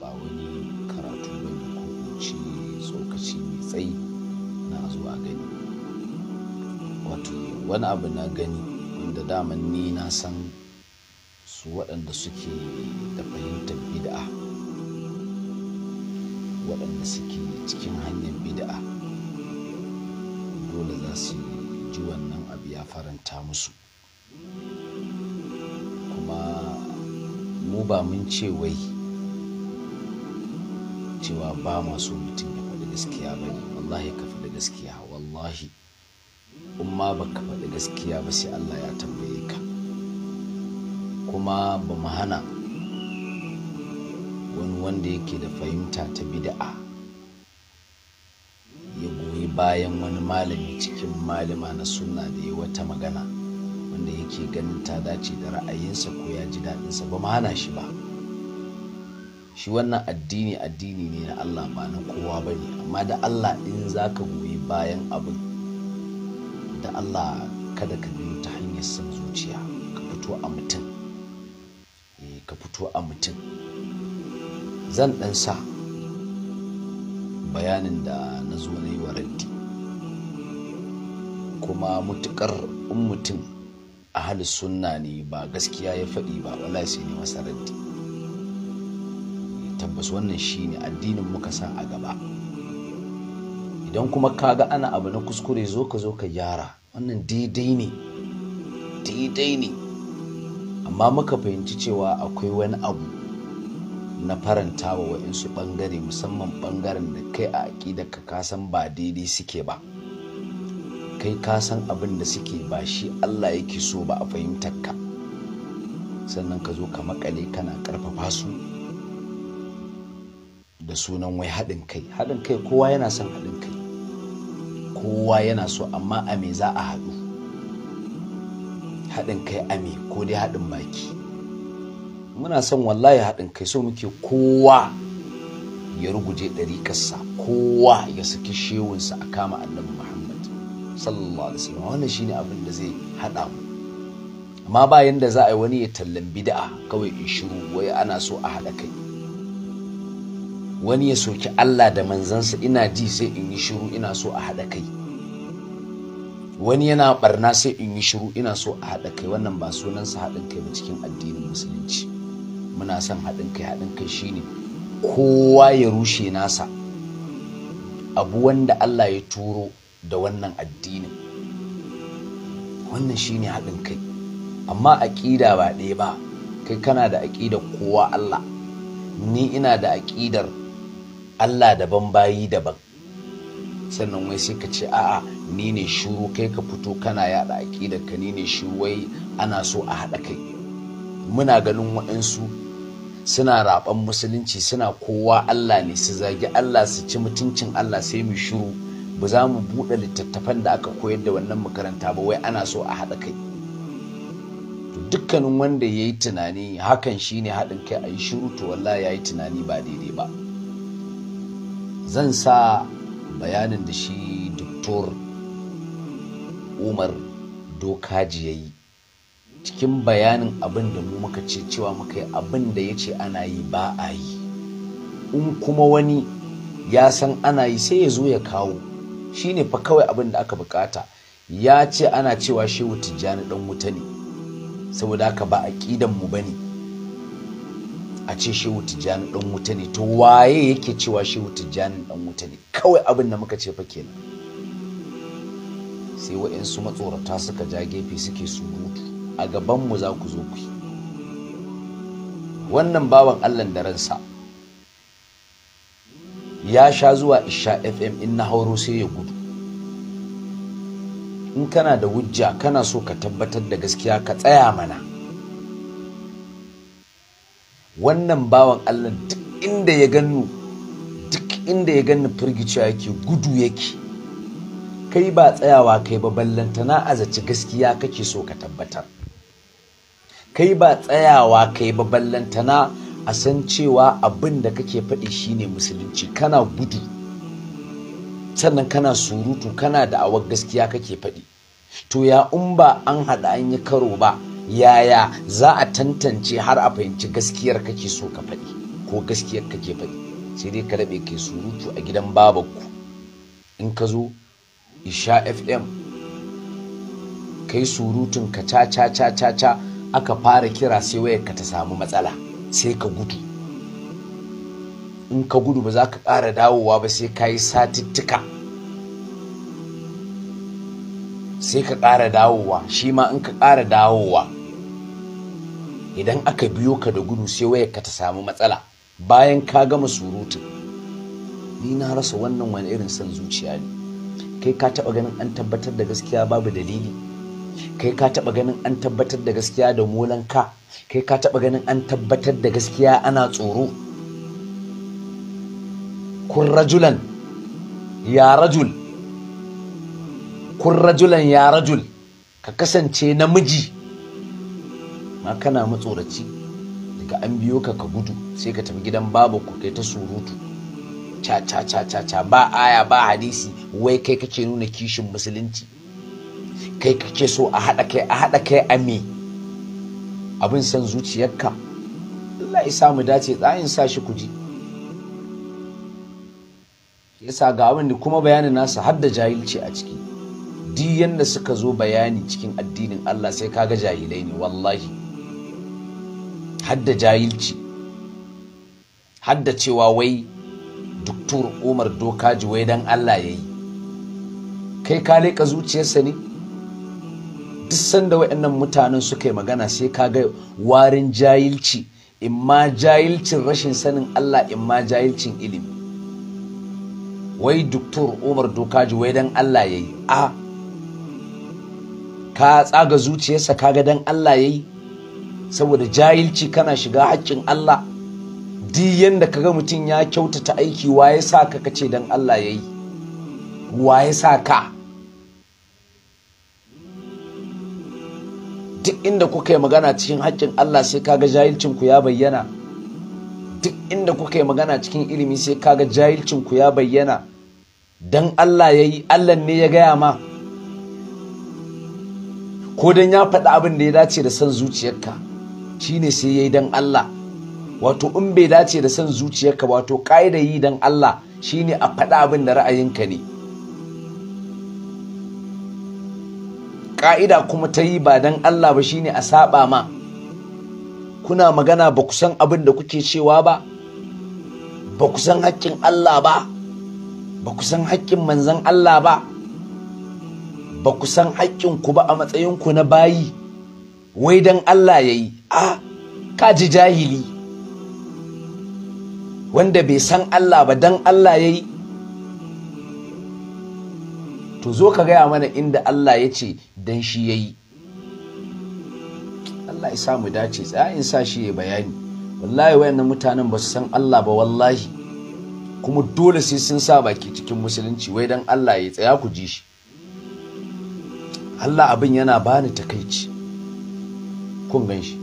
ba wani karatu ba ne ko ci tsokaci mai tsayi na zuwa gani wato wani abu na gani da daman ni na san su waɗanda suke da fahimtar bid'a waɗanda suke cikin hanyar bid'a dole za su ji wannan abu ya faranta musu kuma mu ba mun ce wai cewa ba masu mutum ya faɗi gaskiya ba ne wallahi ka faɗi gaskiya wallahi umma ba ka faɗi gaskiya ba sai Allah ya tambaye ka kuma ba mu hana wani wanda yake da fahimta ta bida'a ya goyi bayan wani malami cikin malama na suna da ya wata magana wanda yake ganin ta dace da ra'ayinsa ko ya ji daɗinsa ba mu hana shi ba. shi wannan addini addini ne na Allah ba na kowa ba ne amma da Allah in za ka goyi bayan abin da Allah kada ka biyu ta hanyar san zuciya ka fito a mutum eh, ka fito a mutum zan ɗan sa bayanin da na zo na yi wa raddi kuma mutukar in mutum ahal sunna ne ba gaskiya ya faɗi ba wala sai ne masa raddi tabbas wannan shi shine addinin muka sa a gaba idan kuma ka ga ana abu na kuskure zo ka zo ka gyara wannan daidai ne daidai ne amma muka fahimci cewa akwai wani abu na faranta wa wa'insu ɓangare musamman ɓangaren da kai a aƙida ka kasan ba daidai suke ba kai kasan abin da suke ba shi allah yake so ba a fahimtar ka sannan ka zo ka makale kana ƙarfafa su da sunan wai haɗin kai haɗin kai kowa yana son haɗin kai kowa yana so amma a me za a haɗu haɗin kai a me ko dai haɗin baki muna son wallahi haɗin kai so muke kowa ya ruguje ɗariƙarsa kowa ya saki shewunsa a kama annabi muhammad sallallahu alaihi wasallam wannan shine abin da zai haɗa mu amma bayan da za a yi wani ya tallan bid'a kawai in shiru wai ana so a haɗa kai wani ya soki Allah da manzansa ina ji sai in yi shiru ina so a haɗa kai wani yana barna sai in yi shiru ina so a haɗa kai wannan ba sunansa haɗin kai ba cikin addinin musulunci muna son haɗin kai haɗin kai shine kowa ya rushe nasa abu wanda Allah ya turo da wannan addinin wannan shine haɗin kai amma aƙida ba ɗaya ba kai kana da aƙidar kowa Allah ni ina da aƙidar Allah daban bayi daban sannan wai sai ka ce a'a ni ne shuru kai ka fito kana yada aƙidar ka ni ne shuru wai ana so a haɗa kai muna ganin waɗansu suna raɓan musulunci suna kowa Allah ne su zagi Allah su ci mutuncin Allah sai mu shuru ba za mu buɗe littattafan da aka koyar da wannan makaranta ba wai ana so a haɗa kai dukkanin wanda ya yi tunani hakan shine haɗin kai a yi shuru to wallahi ya yi tunani ba daidai ba zan sa bayanin da shi doktor umar dokaji ya yi cikin bayanin abin da mu muka ce cewa muka yi abin da ya ce ana yi ba a yi in kuma wani ya san ana yi sai ya zo ya kawo shi ne fa kawai abin da aka bukata ya ce ana cewa shehu tijjani dan wuta ne saboda haka ba aƙidan mu ne. a ce shehu tijjani dan wuta ne to waye yake cewa shehu tijjani dan wuta ne kawai abin da muka ce fa kenan sai waɗansu matsorata suka ja gefe suke surutu a gabanmu za ku zo ku wannan bawan allah da ransa ya sha zuwa isha fm in na hauro sai ya gudu in kana da wujja kana so ka tabbatar da gaskiya ka tsaya mana wannan bawan allah duk inda ya gano duk inda ya gani firgicewa yake gudu yake kai ba tsayawa kai ba ballantana a zaci gaskiya kake so ka tabbatar kai ba tsayawa kai ba ballantana a san cewa abin da kake faɗi shine musulunci kana gudu sannan kana surutu kana da awar gaskiya kake faɗi to ya in ba an haɗa an yi karo ba yaya za a tantance har a fahimci gaskiyar kake so ka faɗi ko gaskiyar kake faɗi sai dai ka rabe kai surutu a gidan babanku in ka zo isha fm kai surutun ka ca ca ca ca ca aka fara kira sai wayar ka ta samu matsala sai ka gudu in ka gudu ba za ka ƙara dawowa ba sai ka yi satittika sai ka ƙara dawowa shi ma in ka ƙara dawowa idan aka biyo ka da gudu sai wayar ka ta samu matsala bayan ka gama surutun ni na rasa wannan wani irin son zuciya ne kai ka taba ganin an tabbatar da gaskiya babu dalili kai ka taba ganin an tabbatar da gaskiya da molan ka kai ka taba ganin an tabbatar da gaskiya ana tsoro kun rajulan ya rajul kun rajulan ya rajul ka kasance namiji ma kana matsoraci daga an biyo ka ka gudu sai ka tafi gidan babu ku kai ta surutu ca ca ca cha cha ba aya ba hadisi wai kai kake nuna kishin musulunci kai kake so a haɗa kai a hada kai a me abin san zuciyarka Allah ya samu dace tsayin sa shi kuji yasa ga abin kuma bayanin nasa har da jahilci a ciki duk yanda suka zo bayani cikin addinin Allah sai kaga jahilai ne wallahi hadda jahilci hadda cewa wai duktur umar dokaji wai dan allah ya yi kai ka leƙa zuciyarsa ne duk sanda waɗannan mutanen suka yi magana sai ka ga warin jahilci ma jahilcin rashin sanin allah in ma jahilcin ilimi wai duktur umar dokaji wai dan allah ya yi a ka tsaga zuciyarsa ka ga dan allah ya yi saboda jahilci kana shiga haƙƙin Allah duk yanda ga mutum ya kyautata aiki waye sa ka kace don Allah yayi waye sa ka duk inda kuka yi magana cikin haƙƙin Allah sai ka ga ku ya bayyana duk inda kuka yi magana cikin ilimi sai ka ga ku ya bayyana Don Allah ya yi, Allah ne ya gaya ma ko dan ya faɗi abin da ya dace da son zuciyarka shine sai yayi dan Allah wato in bai dace da san zuciyarka wato ƙa'ida yi dan Allah shine a faɗa abin da ra'ayinka ne ƙa'ida kuma ta yi ba dan Allah ba shine a saba ma kuna magana ba ku san abin da kuke cewa ba ba ku san haƙƙin Allah ba ba ku san haƙƙin manzan Allah ba ba ku san haƙƙinku ba a matsayinku na bayi wai dan Allah ya yi a kaji jahili wanda bai san Allah ba dan Allah ya yi to zo ka gaya mana inda Allah ya ce dan shi ya yi Allah ya sa mu dace in sa shi ya bayani wallahi wayannan mutanen ba su san Allah ba wallahi kuma dole sai sun sa baki cikin musulunci wai dan Allah ya tsaya ku ji shi Allah abin yana bani takaici kun gan shi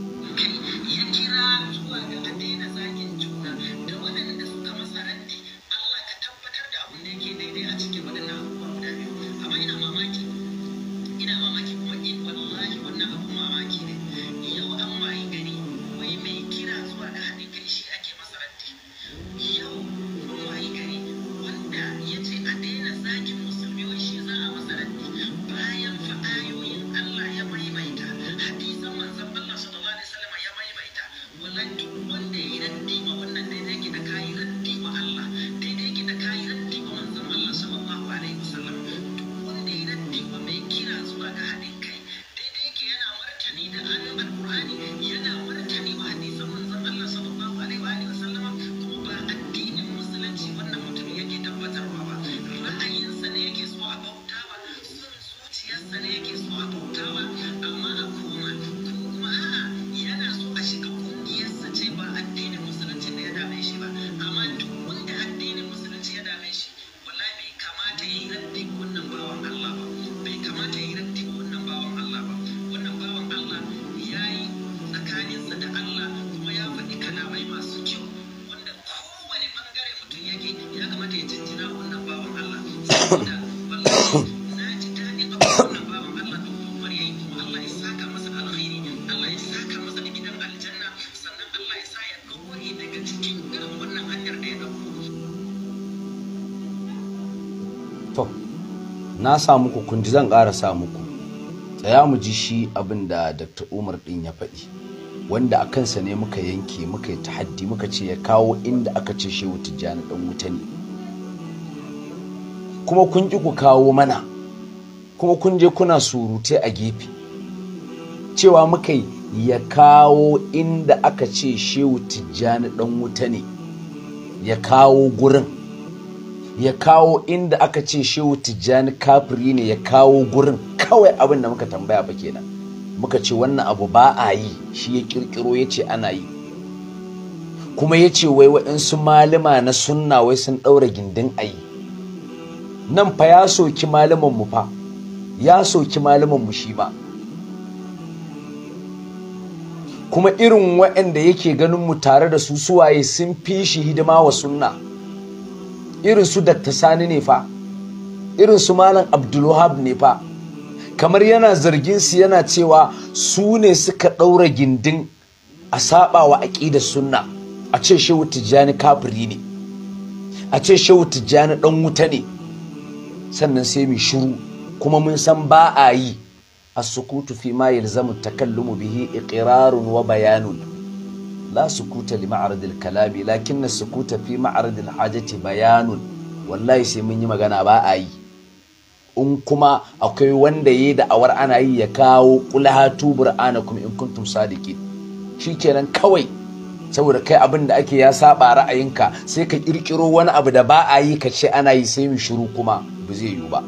sa muku ji zan ƙara sa muku tsaya mu ji shi abin da dr umar ɗin ya faɗi wanda a kansa ne muka yanke muka yi haddi muka ce ya kawo inda aka ce shehu tijjani ɗan wuta ne kuma kun ƙi ku kawo mana kuma kun je kuna surute a gefe cewa muka yi ya kawo inda aka ce shehu tijjani ɗan wuta ne ya kawo gurin ya kawo inda aka ce shehu tijjani kafiri ne ya kawo gurin kawai abin da muka tambaya ba kenan muka ce wannan abu ba a yi shi ya kirkiro ya ce ana yi kuma ya ce wai waɗansu malama na sunna wai sun ɗaura gindin a yi nan fa ya soki malamanmu fa ya soki mu shi ba. kuma irin waɗanda yake ganin mu tare da su suwaye sun fi shi hidima wa sunna irin su sani ne fa irin su malam abdulwahab ne fa kamar yana zargin su yana cewa su ne suka ɗaura gindin a saba wa aƙidar sunna a ce shehu tijjani kafiri ne a ce shehu tijjani ɗan wuta ne sannan sai mu shiru kuma mun san ba a yi a sukutu fi ma yalzamu mu bihi iqrarun wa bayanun la sukuta li ma'aradil kalabi lakin na sukuta fi ma'aradil hajati bayanun wallahi sai mun yi magana ba a yi in kuma akwai wanda yi awar ana yi ya kawo kulahatu kuma in kuntum shi kenan kawai saboda kai abin da ake ya saba ra'ayinka sai ka kirkiro wani abu da ba a yi ka ce ana yi sai mu shiru kuma ba zai yiwu ba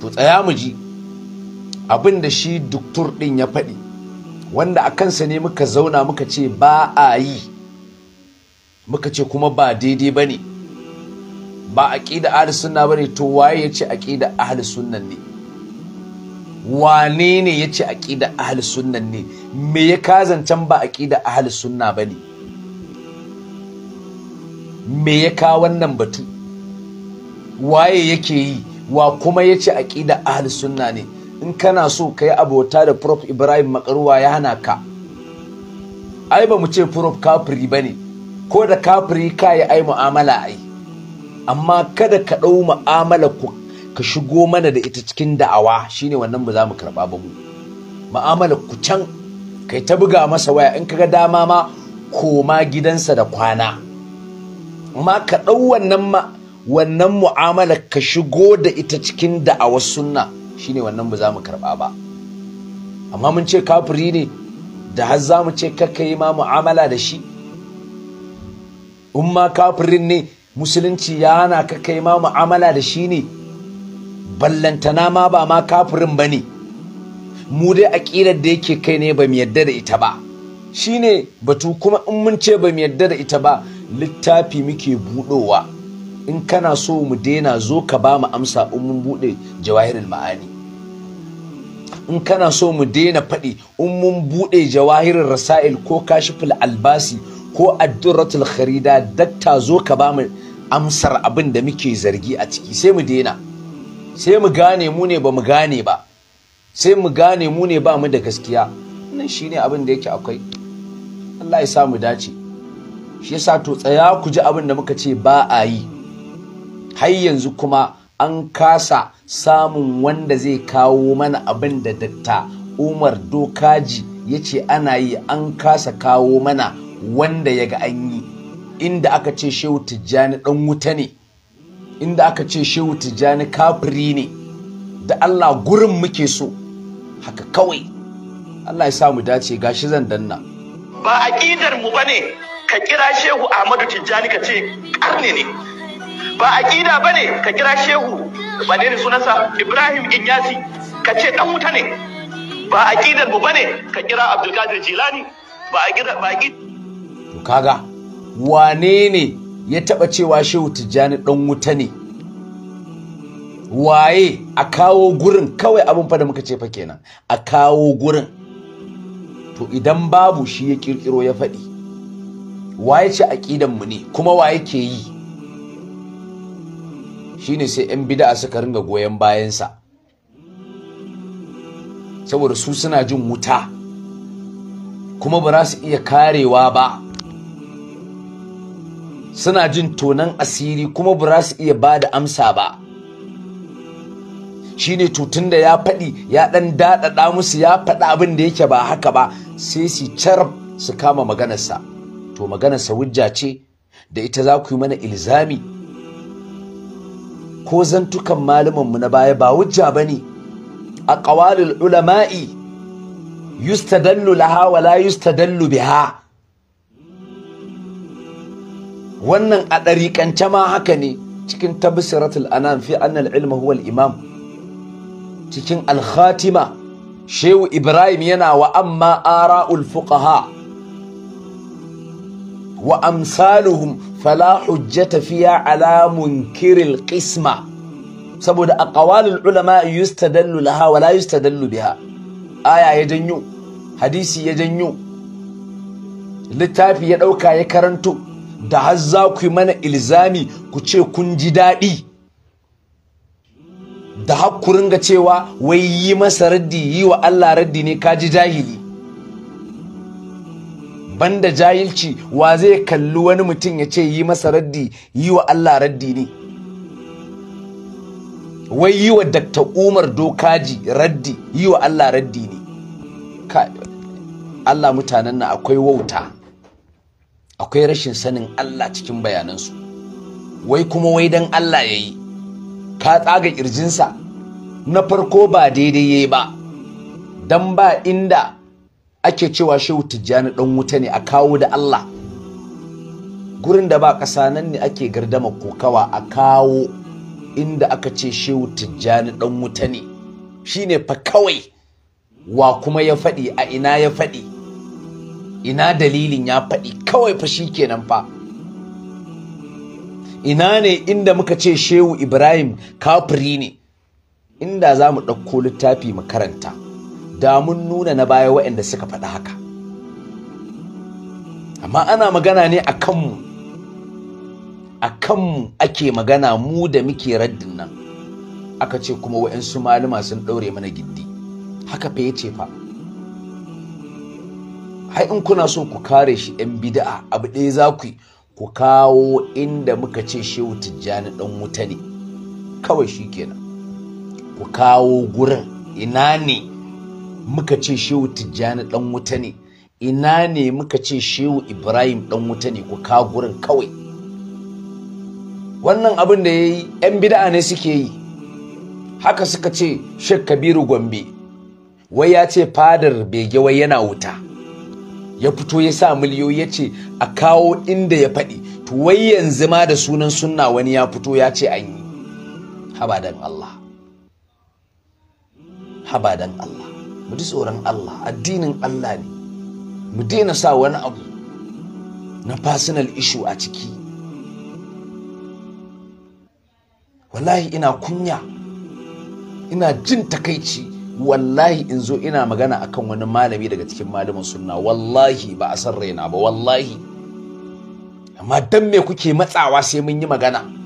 to tsaya mu ji abin da shi duktur din ya faɗi wanda a kansa ne muka zauna muka ce ba a yi muka ce kuma ba daidai ba ne ba a ƙi da ahal sunna ba ne to waye ya ce da ahli sunnan ne wane ne ya ce da ahal sunnan ne me ya kazancan ba a ƙi da ahal sunna ba ne me ya ka wannan batu waye yake yi wa kuma ya ce da ahal sunna ne in kana so ka yi abota da prof ibrahim makarwa ya hana ka ai ba mu ce prof kafiri ba ne ko da kafiri ka yi ai mu'amala ai amma kada ka ɗau mu'amala ku ka shigo mana da ita cikin da'awa shine wannan ba za mu karɓa ba mu mu'amala ku can kai ta buga masa waya in ka ga dama ma koma gidansa da kwana amma ka ɗau wannan wannan mu'amala ka shigo da ita cikin da'awar sunna shine wannan ba za mu karba ba amma mun ce kafiri ne da har za mu ce kakka yi ma mu'amala da shi in kafirin ne musulunci ya na kakka yi ma mu'amala da shi ne ballantana ma ba ma kafirin ba ne mu dai aƙidar da yake kai ne ba mu yadda da ita ba shine batu kuma in mun ce ba mu yadda da ita ba littafi muke buɗowa in kana so mu daina zo ka ba mu amsa in mun buɗe jawahirul ma'ani in kana so mu daina faɗi in mun buɗe jawahirin rasail ko kashiful albasi ko addurratul kharida dakta zo ka ba mu amsar abin da muke zargi a ciki sai mu daina sai mu gane mu ne ba mu gane ba sai mu gane mu ne ba mu da gaskiya nan shine abin da yake akwai Allah ya sa mu dace shi yasa to tsaya ku ji abin da muka ce ba a yi har yanzu kuma an kasa samun wanda zai kawo mana abin da datta, umar dokaji ya ce ana yi an kasa kawo mana wanda ya ga an yi inda aka ce shehu tijjani dan wuta ne inda aka ce shehu tijjani kafiri ne da allah gurin muke so haka kawai allah ya samu dace gashi zan danna ba aƙidar mu ba ne ka kira shehu ahmadu tijjani ka ce ƙarni ne ba ba ne ka kira shehu ba ne sunansa Ibrahim Inyasi ka ce ɗan wuta ne ba aqidar mu ne ka kira abdulkadir Jilani ba aqida ba aqida to kaga wane ne ya taɓa cewa shehu Tijjani ɗan wuta ne waye a kawo gurin kawai abin fa da muka ce fa kenan a kawo gurin to idan babu shi ya kirkiro ya faɗi waye ce aƙidan mu ne kuma waye ke yi shine sai 'yan bida'a suka ringa goyon bayansa saboda su suna jin wuta kuma ba su iya karewa ba suna jin tonan asiri kuma ba su iya ba da amsa ba shine tutun da ya faɗi ya ɗan daɗaɗa musu ya faɗa abin da yake ba haka ba sai su carab su kama maganarsa to maganarsa wujja ce da ita za ku yi mana ilzami ko zantukan malumanmu na baya ba hujja ba ne a ƙawalul ulama'i yustadallu laha wa la yustadallu biha wannan a ɗariƙance ma haka ne cikin tabsiratul anam fi annal ilma huwal imam cikin al-khatima shehu ibrahim yana wa amma ara'ul fuqaha wa amsaluhum fala hujjata fiya ala munkiril qisma saboda aqwalul ulama yustadallu laha wala yustadallu biha aya ya janyo hadisi ya janyo littafi ya dauka ya karanto da har za ku yi mana ilzami ku ce kun ji daɗi da haku ringa cewa wai yi masa raddi yi wa Allah raddi ne ka ji jahili banda jahilci wa zai kalli wani mutum ya ce yi masa raddi yi wa Allah raddi ne wai yi wa Dr. Umar Dokaji raddi yi wa Allah raddi ne Allah mutanen na akwai wauta akwai rashin sanin Allah cikin bayanansu wai kuma wai dan Allah ya yi ka tsaga ƙirjinsa na farko ba daidai ya yi ba don ba inda ake cewa shehu tijjani ɗan wuta ne a kawo da Allah gurin da ba ƙasa nan ne ake gardama kokawa a kawo inda aka ce shehu tijjani dan wuta ne shine fa kawai wa kuma ya faɗi a ina ya faɗi ina dalilin ya faɗi kawai fa shikenan fa ina ne inda muka ce shehu ibrahim kafiri ne inda za mu ɗauko littafi mu karanta da mun nuna na baya waɗanda suka faɗa haka amma ana magana ne a kanmu a kanmu ake magana mu da muke raddin nan aka ce kuma waɗansu malama sun ɗaure mana giddi haka fa ya ce fa hai in kuna so ku kare shi 'yan bida'a abu ɗaya za ku ku kawo inda muka ce shehu tijjani ɗan wuta ne kawai shi kenan ku kawo gurin ina ne muka ce shehu tijjani dan wuta ne ina ne muka ce shehu ibrahim dan wuta ne ku ka gurin kawai wannan abin da ya yi 'yan bida'a ne suke yi haka suka ce shek kabiru gombe wai ya ce fadar bege wai yana wuta ya fito ya sa miliyoyi ya ce a kawo inda ya faɗi to wai yanzu ma da sunan sunna wani ya fito ya ce an yi habadan Allah Allah mu ji tsoron Allah addinin Allah ne mu daina sa wani abu na personal issue a ciki wallahi ina kunya ina jin takaici wallahi in zo ina magana akan wani malami daga cikin malamin sunna wallahi ba a san raina ba wallahi amma dan me kuke matsawa sai mun yi magana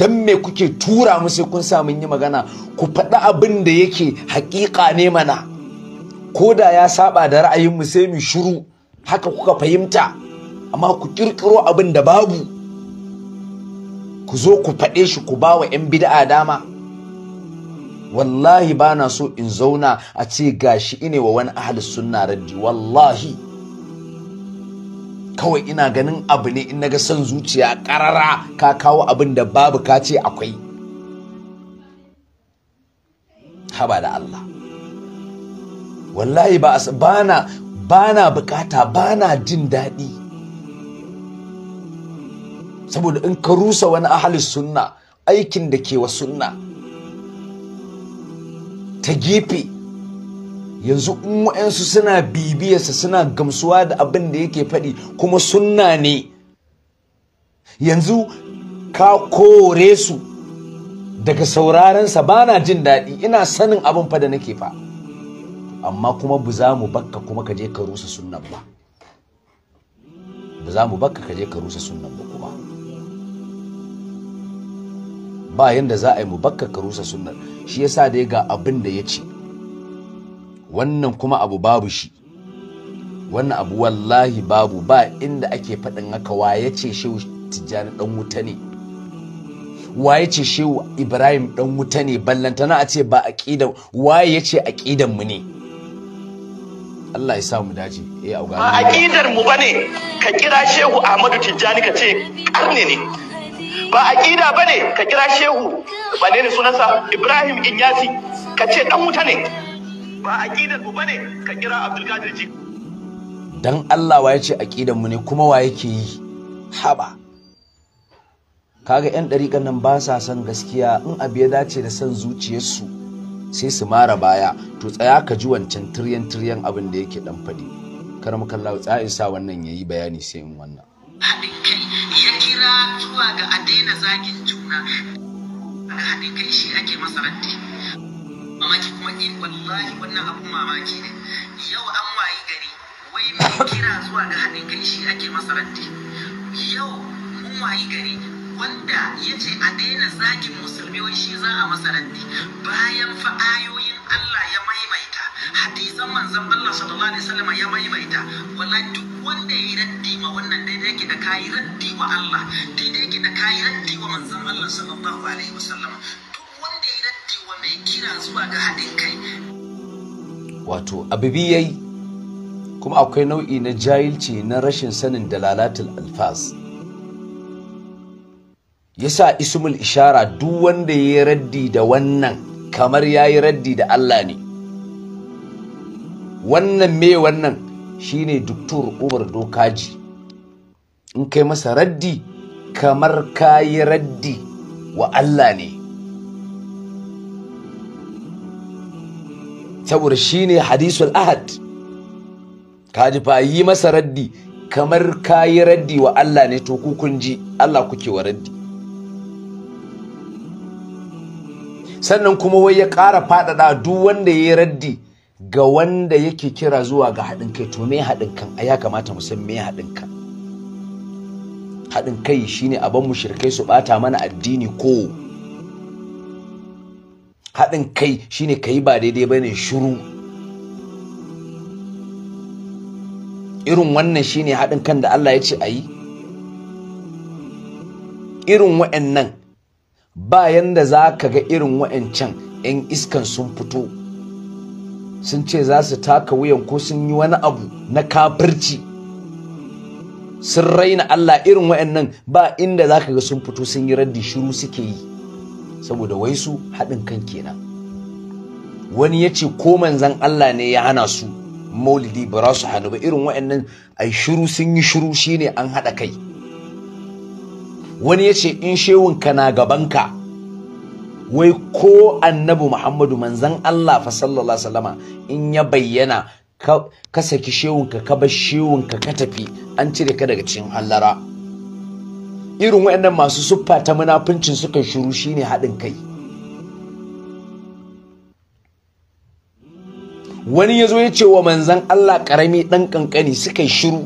don me kuke tura mu sai kun samun yi magana ku faɗi abin da yake haƙiƙa ne mana ko da ya saba da ra'ayinmu sai mu shiru haka kuka fahimta amma ku ƙirƙiro abin da babu ku zo ku faɗe shi ku ba wa 'yan bid'a dama wallahi ba na so in zauna a ce gashi ine wa wani ahal sunna raddi wallahi kawai ina ganin abu ne in naga son zuciya karara ka kawo abin da babu ka ce akwai haba da Allah wallahi ba bana bana bukata bana jin daɗi saboda in ka rusa wani ahalin sunna aikin da ke wa sunna ta gefe yanzu in wa'yansu suna bibiyarsa suna gamsuwa da abin da yake faɗi kuma sunna ne yanzu ka kore su daga saurarensa ba na jin daɗi ina sanin abin fa da nake fa amma kuma bu za mu bakka kuma ka je ka rusa sunan ba bu za mu bakka ka je ka rusa sunan ba kuma ba yanda za a yi mu bakka ka rusa sunan shi yasa dai ga abin da ya ce wannan kuma abu babu shi wannan abu wallahi babu ba inda ake faɗin haka wa ya ce shehu tijjani ɗan wuta ne waye ce shehu ibrahim dan wuta ne ballantana a ce ba a aqidan waye ya ce aqidan mu ne Allah ya sa mu dace eh auga ba aqidar mu bane ka kira shehu ahmadu tijjani ka ce karne ne ba a aqida bane ka kira shehu bane ne sunansa ibrahim inyasi ka ce dan wuta ne ba aqidar mu bane ka kira Abdul Kadir ji dan Allah wa yace aqidar mu ne kuma wa yake yi haba kaga yan dariƙan nan ba sa son gaskiya in abu ya dace da son zuciyarsu sai su mara baya to tsaya ka ji wancan tiryan tiryan abin da yake dan fadi kar mu kallawa tsaya sa wannan yayi bayani sai in wannan haɗin kai ya kira zuwa ga a daina zagin juna haɗin kai shi ake masaranti wani wallahi wannan abun mamaki ne yau an wayi gari wai mai kira zuwa ga haɗin kai shi ake masa yau mun wayi gari wanda ya ce a daina zagin musulmi wai shi za a masa bayan fa ayoyin Allah ya maimaita hadisan manzon Allah sallallahu alaihi wasallam ya maimaita wallahi duk wanda ya yi raddi ma wannan daidai yake da kayi raddi wa Allah daidai yake da kayi raddi wa manzon Allah sallallahu alaihi wasallam mai kira zuwa ga haɗin kai wato abubi yayi kuma akwai nau'i na jahilci na rashin sanin dalalatul alfas yasa ismul ishara duk wanda ya yi raddi da wannan kamar ya yi raddi da Allah ne wannan me wannan shi ne Duktur umar dokaji in kai masa raddi kamar ka yi raddi wa Allah ne saboda shine hadisul ahad ka ji fa yi masa raddi kamar ka yi raddi wa Allah ne to ku kun ji Allah kuke wa raddi sannan kuma wai ya ƙara faɗaɗa duk wanda ya yi raddi ga wanda yake kira zuwa ga haɗin kai to me haɗin kan a ya kamata mu san me haɗin kan haɗin kai shine a mu mushrikai su ɓata mana addini ko haɗin kai shine ka yi ba daidai ba ne shuru irin wannan shine haɗin kan da Allah ya ce a yi irin wa'annan bayan da za ka ga irin wa'ancan 'yan iskan sun fito sun ce za su taka wuyan ko sun yi wani abu na kafirci sun raina Allah irin wa'annan ba inda za ka ga sun fito sun yi raddi shiru suke yi saboda wai su haɗin kan kenan wani yace ko manzan Allah ne ya hana su maulidi ba za su hannu ba irin wa'annan ai shiru sun yi shiru shine an haɗa kai wani yace ce in shewunka na gaban ka wai ko annabi muhammadu manzan Allah fa sallallahu alaihi wasallama in ya bayyana ka saki shewunka ka bar shewunka ka tafi an cire ka daga cikin hallara irin waɗannan masu siffa ta munafincin suka shiru shine haɗin kai wani ya zo ya ce wa manzan Allah ƙarami ɗan ƙanƙani suka shiru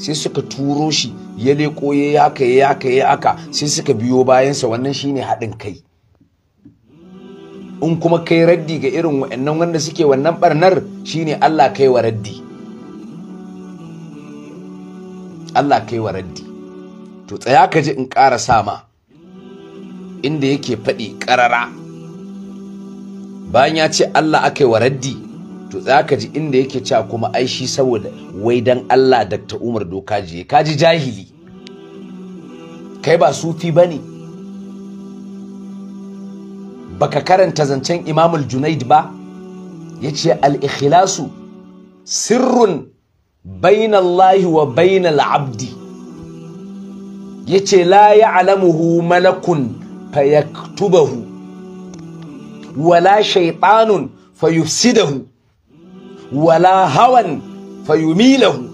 sai suka turo shi ya leƙo ya haka ya haka ya haka sai suka biyo bayansa wannan shine haɗin kai in kuma kai raddi ga irin wa'annan wanda suke wannan barnar shine Allah kai wa raddi Allah kai wa raddi to tsaya ka ji in ƙara sama inda yake faɗi ƙarara bayan ya ce Allah aka yi wa to tsaya ka ji inda yake cewa kuma aishi saboda wai dan Allah Dr. Umar doka ka kaji jahili kai ba sufi bane baka karanta zancen Imamul Junaid ba yace al-ikhlasu sirrun bainallahi wa bainal abdi yace la ya'lamuhu malakun fayaktubahu wala shaytanun fayufsidahu wala hawan fayumilahu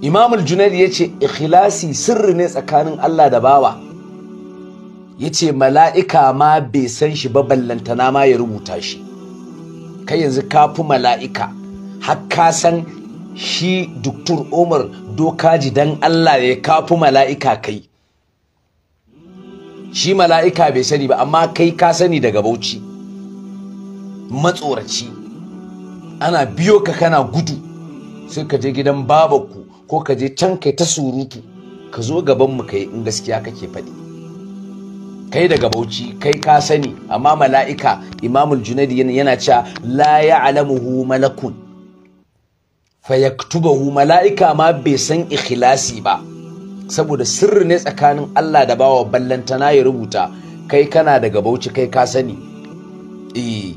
imamul al-Junayd yace ikhlasi sirri ne tsakanin Allah da bawa yace mala'ika ma bai san shi ba ballantana ma ya rubuta shi kai yanzu kafi mala'ika har ka san shi Duktur Umar dokaji dan Allah ya kafi mala'ika kai shi mala'ika bai sani ba amma kai ka sani daga bauchi matsoraci ana biyo ka kana gudu sai ka je gidan babakku ko ka je can kai ta surutu ka zo gabanmu kai in gaskiya kake faɗi kai daga bauchi kai ka sani amma mala'ika imamul junadi yana cewa la ya'lamuhu malakun fayaktubahu mala'ika ma bai san ikhlasi ba saboda sirri ne tsakanin Allah da bawa ballantana ya rubuta kai kana daga bauchi kai ka sani eh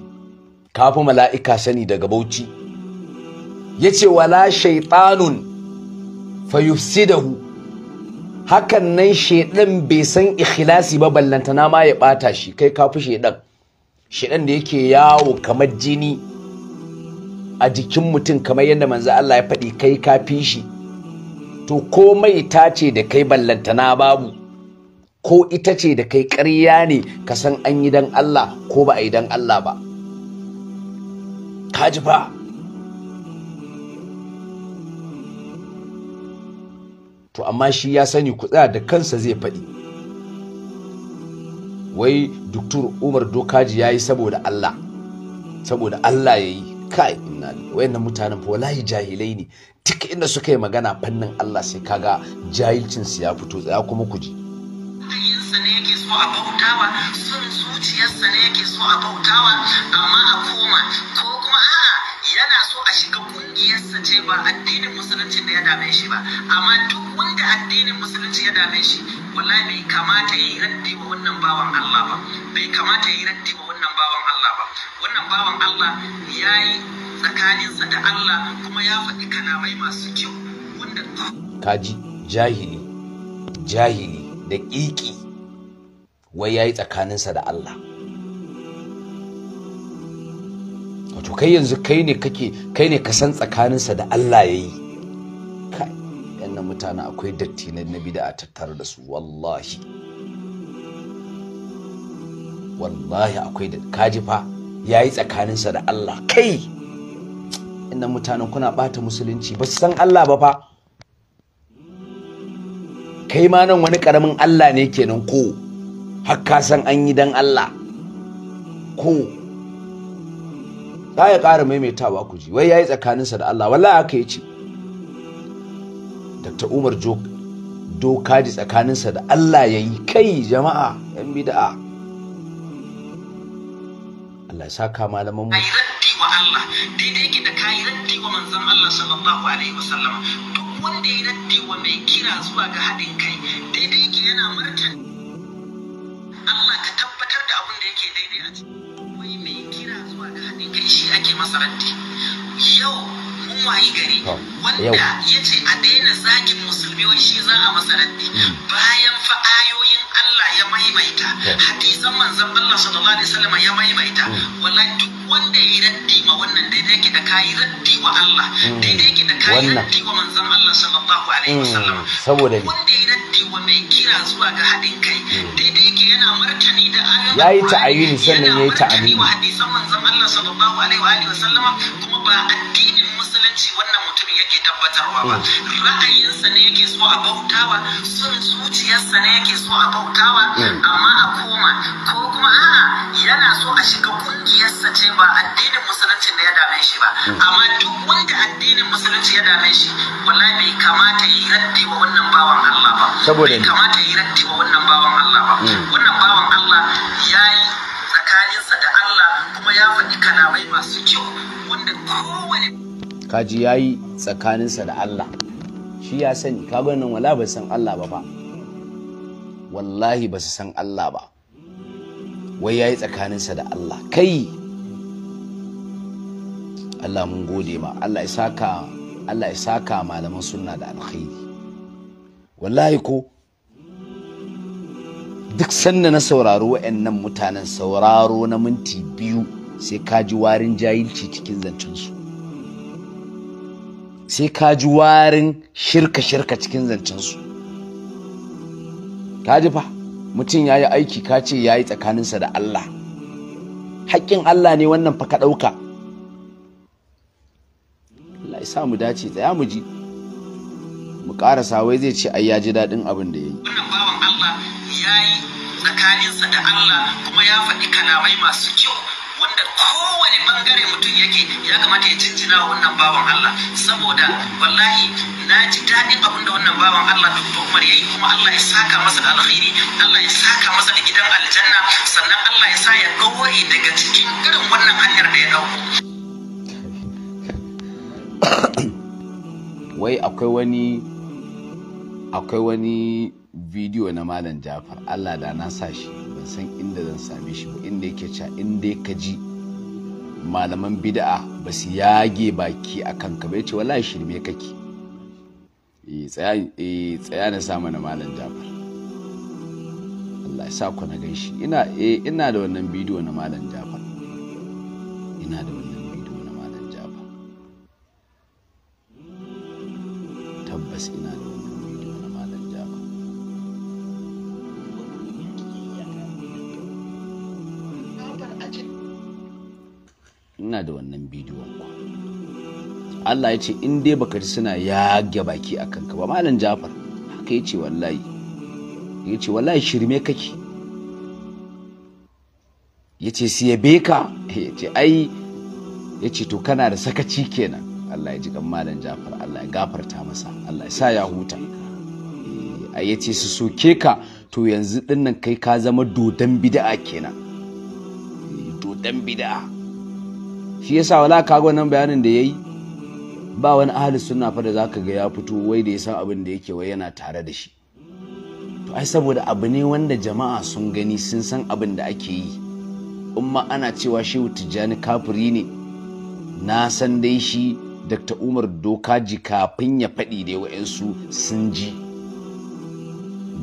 kafi mala'ika sani daga bauchi yace wala shaytanun fayufsidahu hakan nan shedan bai san ikhlasi ba ballantana ma ya bata shi kai kafi shedan shedan da yake yawo kamar jini a jikin mutum kamar yadda manzo Allah ya faɗi kai ka fi shi to komai ta ce da kai ballantana babu ko ita ce da kai ƙarya ne ka san an yi dan Allah ko ba a yi dan Allah ba ka ji fa to amma shi ya sani kutsa da kansa zai faɗi wai duktur umar dokaji ya yi saboda Allah saboda Allah ya yi kai wayannan mutanen fa wallahi jahilai ne duk inda suka yi magana fannin Allah sai kaga jahilcin su ya fito tsaya kuma ku ji ba addinin musulunci ya dame ba amma duk wanda addinin ya dame shi wallahi bai kamata ya yi raddi wa wannan bawan Allah ba bai kamata ya yi raddi wa wannan wannan bawan Allah ya yi tsakaninsa da Allah kuma ya faɗi kalamai masu kyau wanda kaji jahili jahili da ƙiƙi wai ya yi tsakaninsa da Allah wato kai yanzu kai ne kake kai ne kasan tsakaninsa da Allah ya yi waɗannan mutane akwai datti na bida a tattare da su wallahi wallahi akwai da kaji fa ya yi tsakaninsa da Allah kai inda mutanen kuna ɓata musulunci ba su san Allah ba fa kai ma nan wani ƙaramin Allah ne kenan ko hakka san an yi don Allah ko za ya ƙara maimaitawa ku ji wai ya yi tsakaninsa da Allah wallahi aka ya ce Dr. Umar Doka ji tsakaninsa da Allah ya yi kai jama'a 'yan bida'a Allah saka malaman mu wa Allah daidai yake da kai raddi wa manzon Allah duk wanda ya raddi wa mai kai daidai yake tabbatar da abin yake daidai a mai kira zuwa ga kai shi ake masa yau mun gari wanda ya ce a daina zagin musulmi wai shi za a masa hmm. bayan fa ayoyin Allah ya maimaita hadisan manzon Allah sallallahu alaihi wasallam ya maimaita hmm. wallahi wanda ya yi raddi ma wannan daidai ki da ka yi raddi wa Allah hmm. daidai ki da ka yi raddi wa manzon Allah sallallahu alaihi hmm. wasallam saboda ne wanda ya yi raddi wa mai kira zuwa ga haɗin kai hmm. daidai ki yana martani da ayoyin yayi ta'ayyuni sannan ya ya yi yayi ta'ayyuni wa hadisan manzon Allah sallallahu alaihi wa sallama kuma ba addinin musulunci wannan abin yake tabbatarwa ba ra'ayinsa ne yake so a bautawa sun zuciyarsa ne yake so a bautawa hmm. amma a koma ko kuma a'a yana so a shiga kungiyarsa ce ba addinin musulunci da ya dame shi ba hmm. amma duk wanda addinin musulunci ya dame shi wallahi bai kamata yi raddi wa wannan bawan Allah ba bai kamata yi raddi wa wannan bawan Allah ba hmm. wannan bawan Allah ya yi tsakaninsa da Allah kuma ya faɗi kalamai masu kyau wanda ko kaji yayi tsakaninsa da Allah shi ya sani kaga wala ba san Allah ba ba wallahi ba su san Allah ba wai ya yayi tsakaninsa da Allah kai Allah mun gode ma Allah ya saka Allah ya saka malaman sunna da alkhairi wallahi ko duk sanda na sauraro wa'annan mutanen sauraro na minti biyu sai ka ji warin jahilci cikin zancensu sai ka ji warin shirka-shirka cikin zancensu ka ji fa mutum ya yi aiki ka ce ya yi tsakaninsa da Allah haƙƙin Allah ne wannan fa ka ɗauka Allah ya sa mu dace tsaya mu ji mu ƙarasa wai zai ce ai ya ji daɗin abin da ya yi Allah ya yi tsakaninsa da Allah kuma ya faɗi kalamai masu kyau wanda kowane bangare mutum yake ya kamata ya jinjina wannan bawan Allah saboda wallahi na ji daɗin abin da wannan bawan Allah Dr. Umar yayi kuma Allah ya saka masa da alkhairi Allah ya saka masa da gidan aljanna sannan Allah ya sa ya ɗaure daga cikin irin wannan hanyar da ya dauko wai akwai wani akwai wani bidiyo na malam jafar allah da na sa shi ban san inda zan same shi ba inda yake ca inda ka ji malaman bida'a ba su yage baki a kan ka ce wallahi shirme kake eh, eh, tsaya na samu na malam jafar allah ya sa ku na gan shi ina eh, da wannan bidiyo na malam jafar ina da wannan bidiyo na malam jafar tabbas ina da ina da wannan bidiyon ku Allah ya ce in dai baka ji suna yage baki a kanka ba malam Jafar haka yace wallahi yace wallahi shirme kake yace ya beka yace ai yace to kana da sakaci kenan Allah ya ji kan malam Jafar Allah ya gafarta masa Allah ya sa ya huta eh, ya yace su soke ka to yanzu dinnan kai ka zama dodon bid'a kenan eh, dodon bid'a shi yasa wala ga wannan bayanin da yayi ba wani ahli sunna fa da zaka ga ya fito wai da yasa abin da yake wai yana tare da shi to ai saboda abu ne wanda jama'a sun gani sun san abin da ake yi umma ana cewa shi tijani kafiri ne na san dai shi dr umar ji kafin ya faɗi da wa'yansu sun ji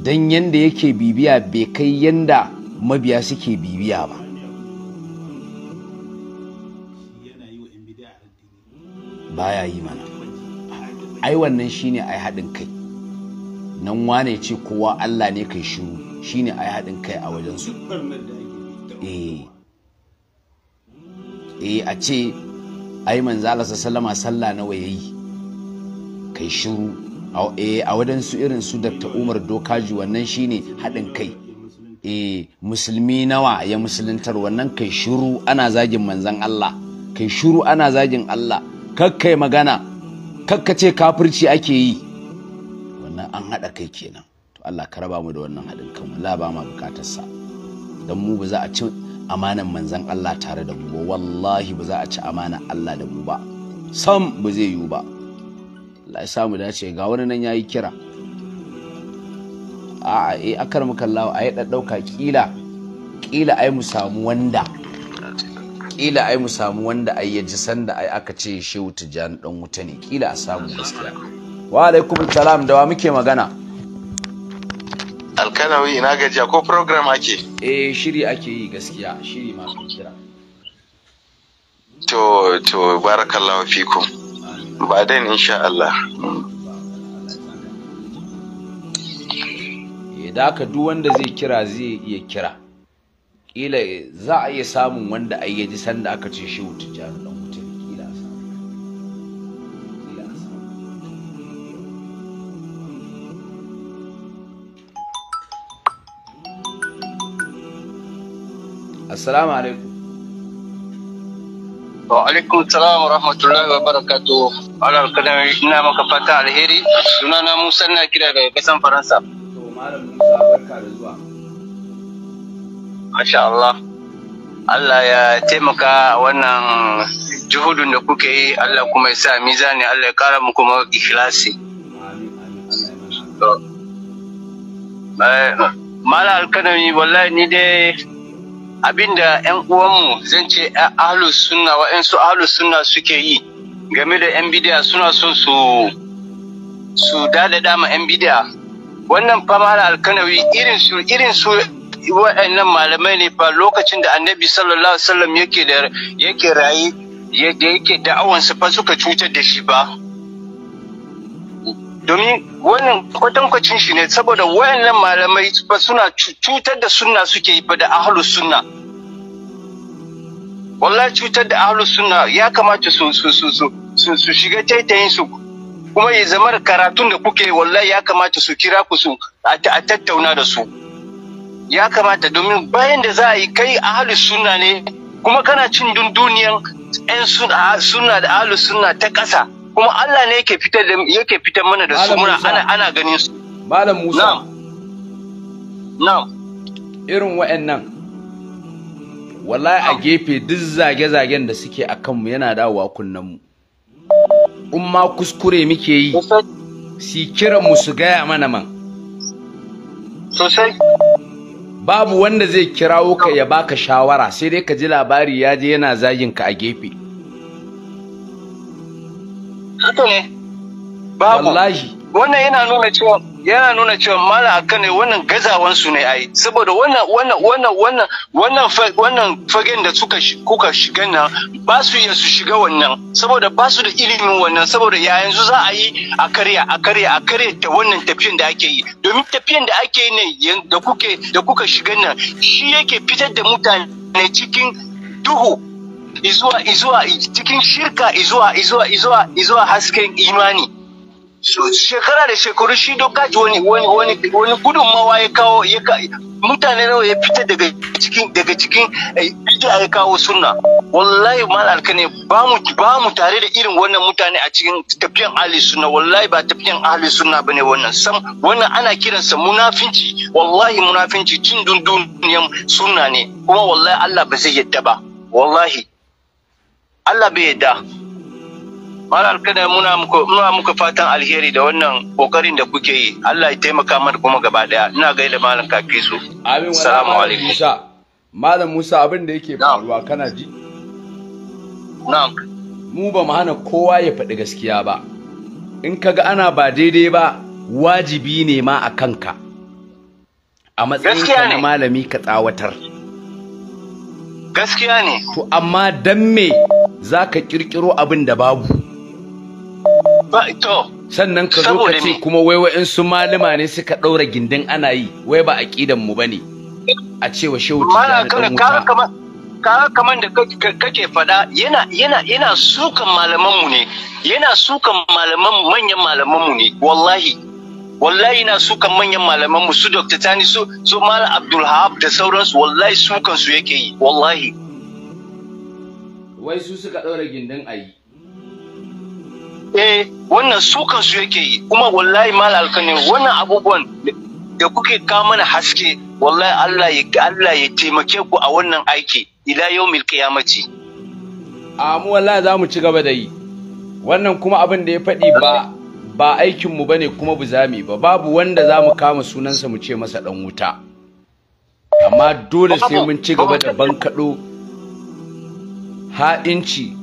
don yanda yake bibiya bai kai yanda mabiya suke bibiya ba baya yi mana ai wannan shine ai haɗin kai nan wane ce kowa Allah ne kai shiru shine ai haɗin kai a wajen su eh eh a ce ai manzala sallama sallah nawa yayi kai shiru a eh, wajen su irin su Dr. Umar Dokaji wannan shine haɗin kai e musulmi nawa ya musuluntar wannan kai shiru ana zagin manzan Allah kai shiru ana zagin Allah kakkai magana kakka ce kafirci ake yi wannan an haɗa kai kenan to Allah ka raba mu da wannan haɗin kan la ba ma bukatarsa dan mu ba za a ci amanan manzan Allah tare da mu ba wallahi ba za a ci amanan Allah da mu ba sam ba zai yiwu ba Allah ya mu dace ga wani nan yayi kira a'a eh akar a ayi ɗaɗɗauka kila kila ai mu samu wanda kila ai mu samu wanda ai ya ji sanda ai aka ce shehu tijjani dan wuta ne kila a samu gaskiya wa alaikum salam da wa muke magana alkanawi ina gajiya ko program ake eh shiri ake yi gaskiya shiri ma kira to to barakallahu fikum ba dan insha Allah eh, da ka duk wanda zai kira zai iya kira kila za a iya samun wanda a ya sanda aka ce shi tijjani dan wuta ne kila a samu kila a samu assalamu alaikum wa alaikum salam wa rahmatullahi wa barakatu alal kadam ina maka fata alheri sunana musa na kira daga kasan faransa to malam musa barka da zuwa Masha Allah. Allah ya taimaka wannan juhudun da kuke yi Allah kuma ya sa mizani Allah ya kara muku kuma ikhlasi. Eh, Mala alkanami wallahi ni dai abinda ‘yan uwanmu zan ce ahlu sunna su ahlu sunna suke yi game da ‘yan bidiya suna son su su dada dama ‘yan bidiya wannan fama da alkanawi irin su irin su Wa'annan malamai ne fa lokacin da annabi sallallahu alaihi wasallam yake da yake rayi yake yake da'awansa fa suka cutar da shi ba domin wannan kwatankwacin shi ne saboda wa'annan malamai fa suna cutar da sunna suke yi fa da ahlus sunna wallahi cutar da ahlus sunna ya kamata su su su su su shiga taitayin su kuma ya zama karatun da kuke wallahi ya kamata su kira ku su a tattauna da su ya kamata domin bayan da za a yi kai ahalu sunna ne kuma kana cin dunduniyan yan sunna da ahalu sunna ta ƙasa kuma Allah ne yake fitar da yake fitar mana da su muna ana ana ganin su malam Musa na'am irin wa'annan wallahi a gefe duk zage-zagen da suke a kanmu yana dawowa kunnen mu in ma kuskure muke yi si kiran mu su gaya mana man sosai babu wanda zai kirawo ka ya baka shawara sai dai ka ji labari ya je yana zagin ka a gefe haka ne babu wannan yana nuna cewa yana nuna cewa mala aka ne wannan gazawan su ne ai saboda wannan wannan wannan wannan wannan wannan fagen da suka kuka shiga nan ba su iya su shiga wannan saboda ba su da ilimin wannan saboda ya yanzu za a yi a karya a karya a karya da wannan tafiyan da ake yi domin tafiyan da ake yi ne da kuke da kuka shiga nan shi yake fitar da mutane cikin duhu izuwa izuwa cikin shirka izuwa izuwa izuwa izuwa hasken imani shekara da shekaru shi doka wani wani wani gudunmawa ya kawo mutane nawa ya fita daga cikin daga cikin eh, bid'a ya kawo sunna wallahi mal alkane ba mu ba mu tare da irin wannan mutane a cikin tafiyan ahli sunna wallahi ba tafiyan ahli sunna bane wannan sam wannan ana kiransa munafinci wallahi munafinci cin dunduniyan sunna ne kuma wallahi Allah ba zai yadda ba wallahi Allah bai yadda Malam kada muna muku muna muku fatan alheri da wannan kokarin da kuke yi. Allah ya taimaka mana kuma gaba daya. Ina gaida malam Kafisu. Amin Assalamu alaikum. Malam Musa abin da yake faruwa kana ji? Na'am. Mu ba mu hana kowa ya faɗi gaskiya ba. In kaga ana ba daidai ba wajibi ne ma a kanka. A matsayinka na malami ka tsawatar. Gaskiya ne. To amma dan me za ka ƙirƙiro abin da babu? ba sannan ka zo ka ce kuma wai wa'in su malama ne suka ɗaura gindin ana yi wai ba aqidan mu bane a cewa shehu da ɗan wuta ka kamar da kake faɗa yana yana yana sukan malaman mu ne yana sukan malaman manyan malaman mu ne wallahi wallahi na sukan manyan malaman mu su Dr. Tani su su Mal Abdul da sauransu wallahi sukan su yake yi wallahi wai su suka ɗaura gindin ayi eh wannan su kansu yake yi kuma wallahi mal alkanin wannan abubuwan da kuke kawo mana haske wallahi Allah ya Allah ya taimake ku a wannan aiki ila yaumil qiyamati a wallahi za ci gaba da yi wannan kuma abin da ya faɗi ba ba aikin mu bane kuma buzami ba babu wanda zamu mu kama sunansa mu ce masa dan wuta amma dole sai mun ci gaba da bankaɗo ha'inci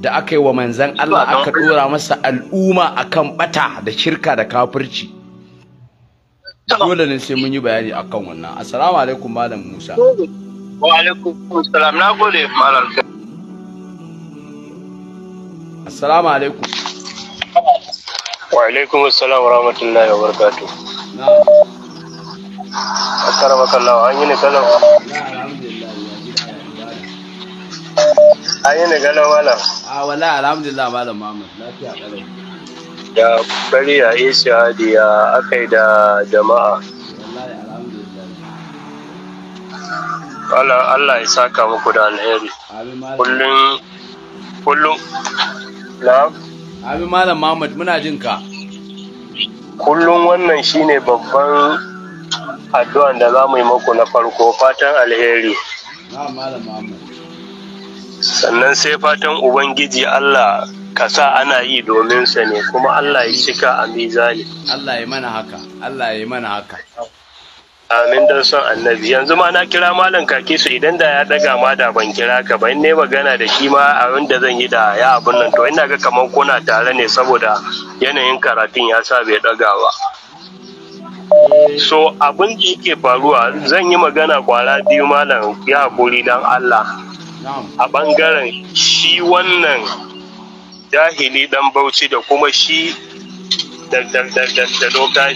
da aka yi wa manzan Allah aka dora masa al'umma a kan bata da shirka da kafirci dole ne sai mun yi bayani a kan wannan assalamu alaikum malam Musa wa alaikum assalam na gode malam assalamu alaikum wa alaikum assalam wa rahmatullahi wa barakatuh na akaramakallahu an yi ne alhamdulillah an ne ni ganin malam a wala alhamdulillah malam muhammad lafiya kalau da bari a isha da ya akai da jama'a Wallahi Allah Allah ya saka muku da alheri kullum kullum Na'am. Abi Malam Muhammad muna jin ka. Kullum wannan shine babban addu'an da za mu yi muku na farko fatan alheri. Na'am Malam Muhammad. sannan sai fatan ubangiji Allah ka sa ana yi domin sa ne kuma Allah ya cika a mizani Allah ya mana haka Allah ya mana haka amin don son annabi yanzu ma na kira malam kaki su idan da ya daga ma da ban kira ka ba in ne magana da shi ma abin da zan yi da ya abin nan to ina ga kamar kona tare ne saboda yanayin karatun ya sa bai daga ba so abin da yake faruwa zan yi magana kwara biyu malam ya hakuri dan Allah a ɓangaren shi wannan jahili dan bauchi da kuma shi da doka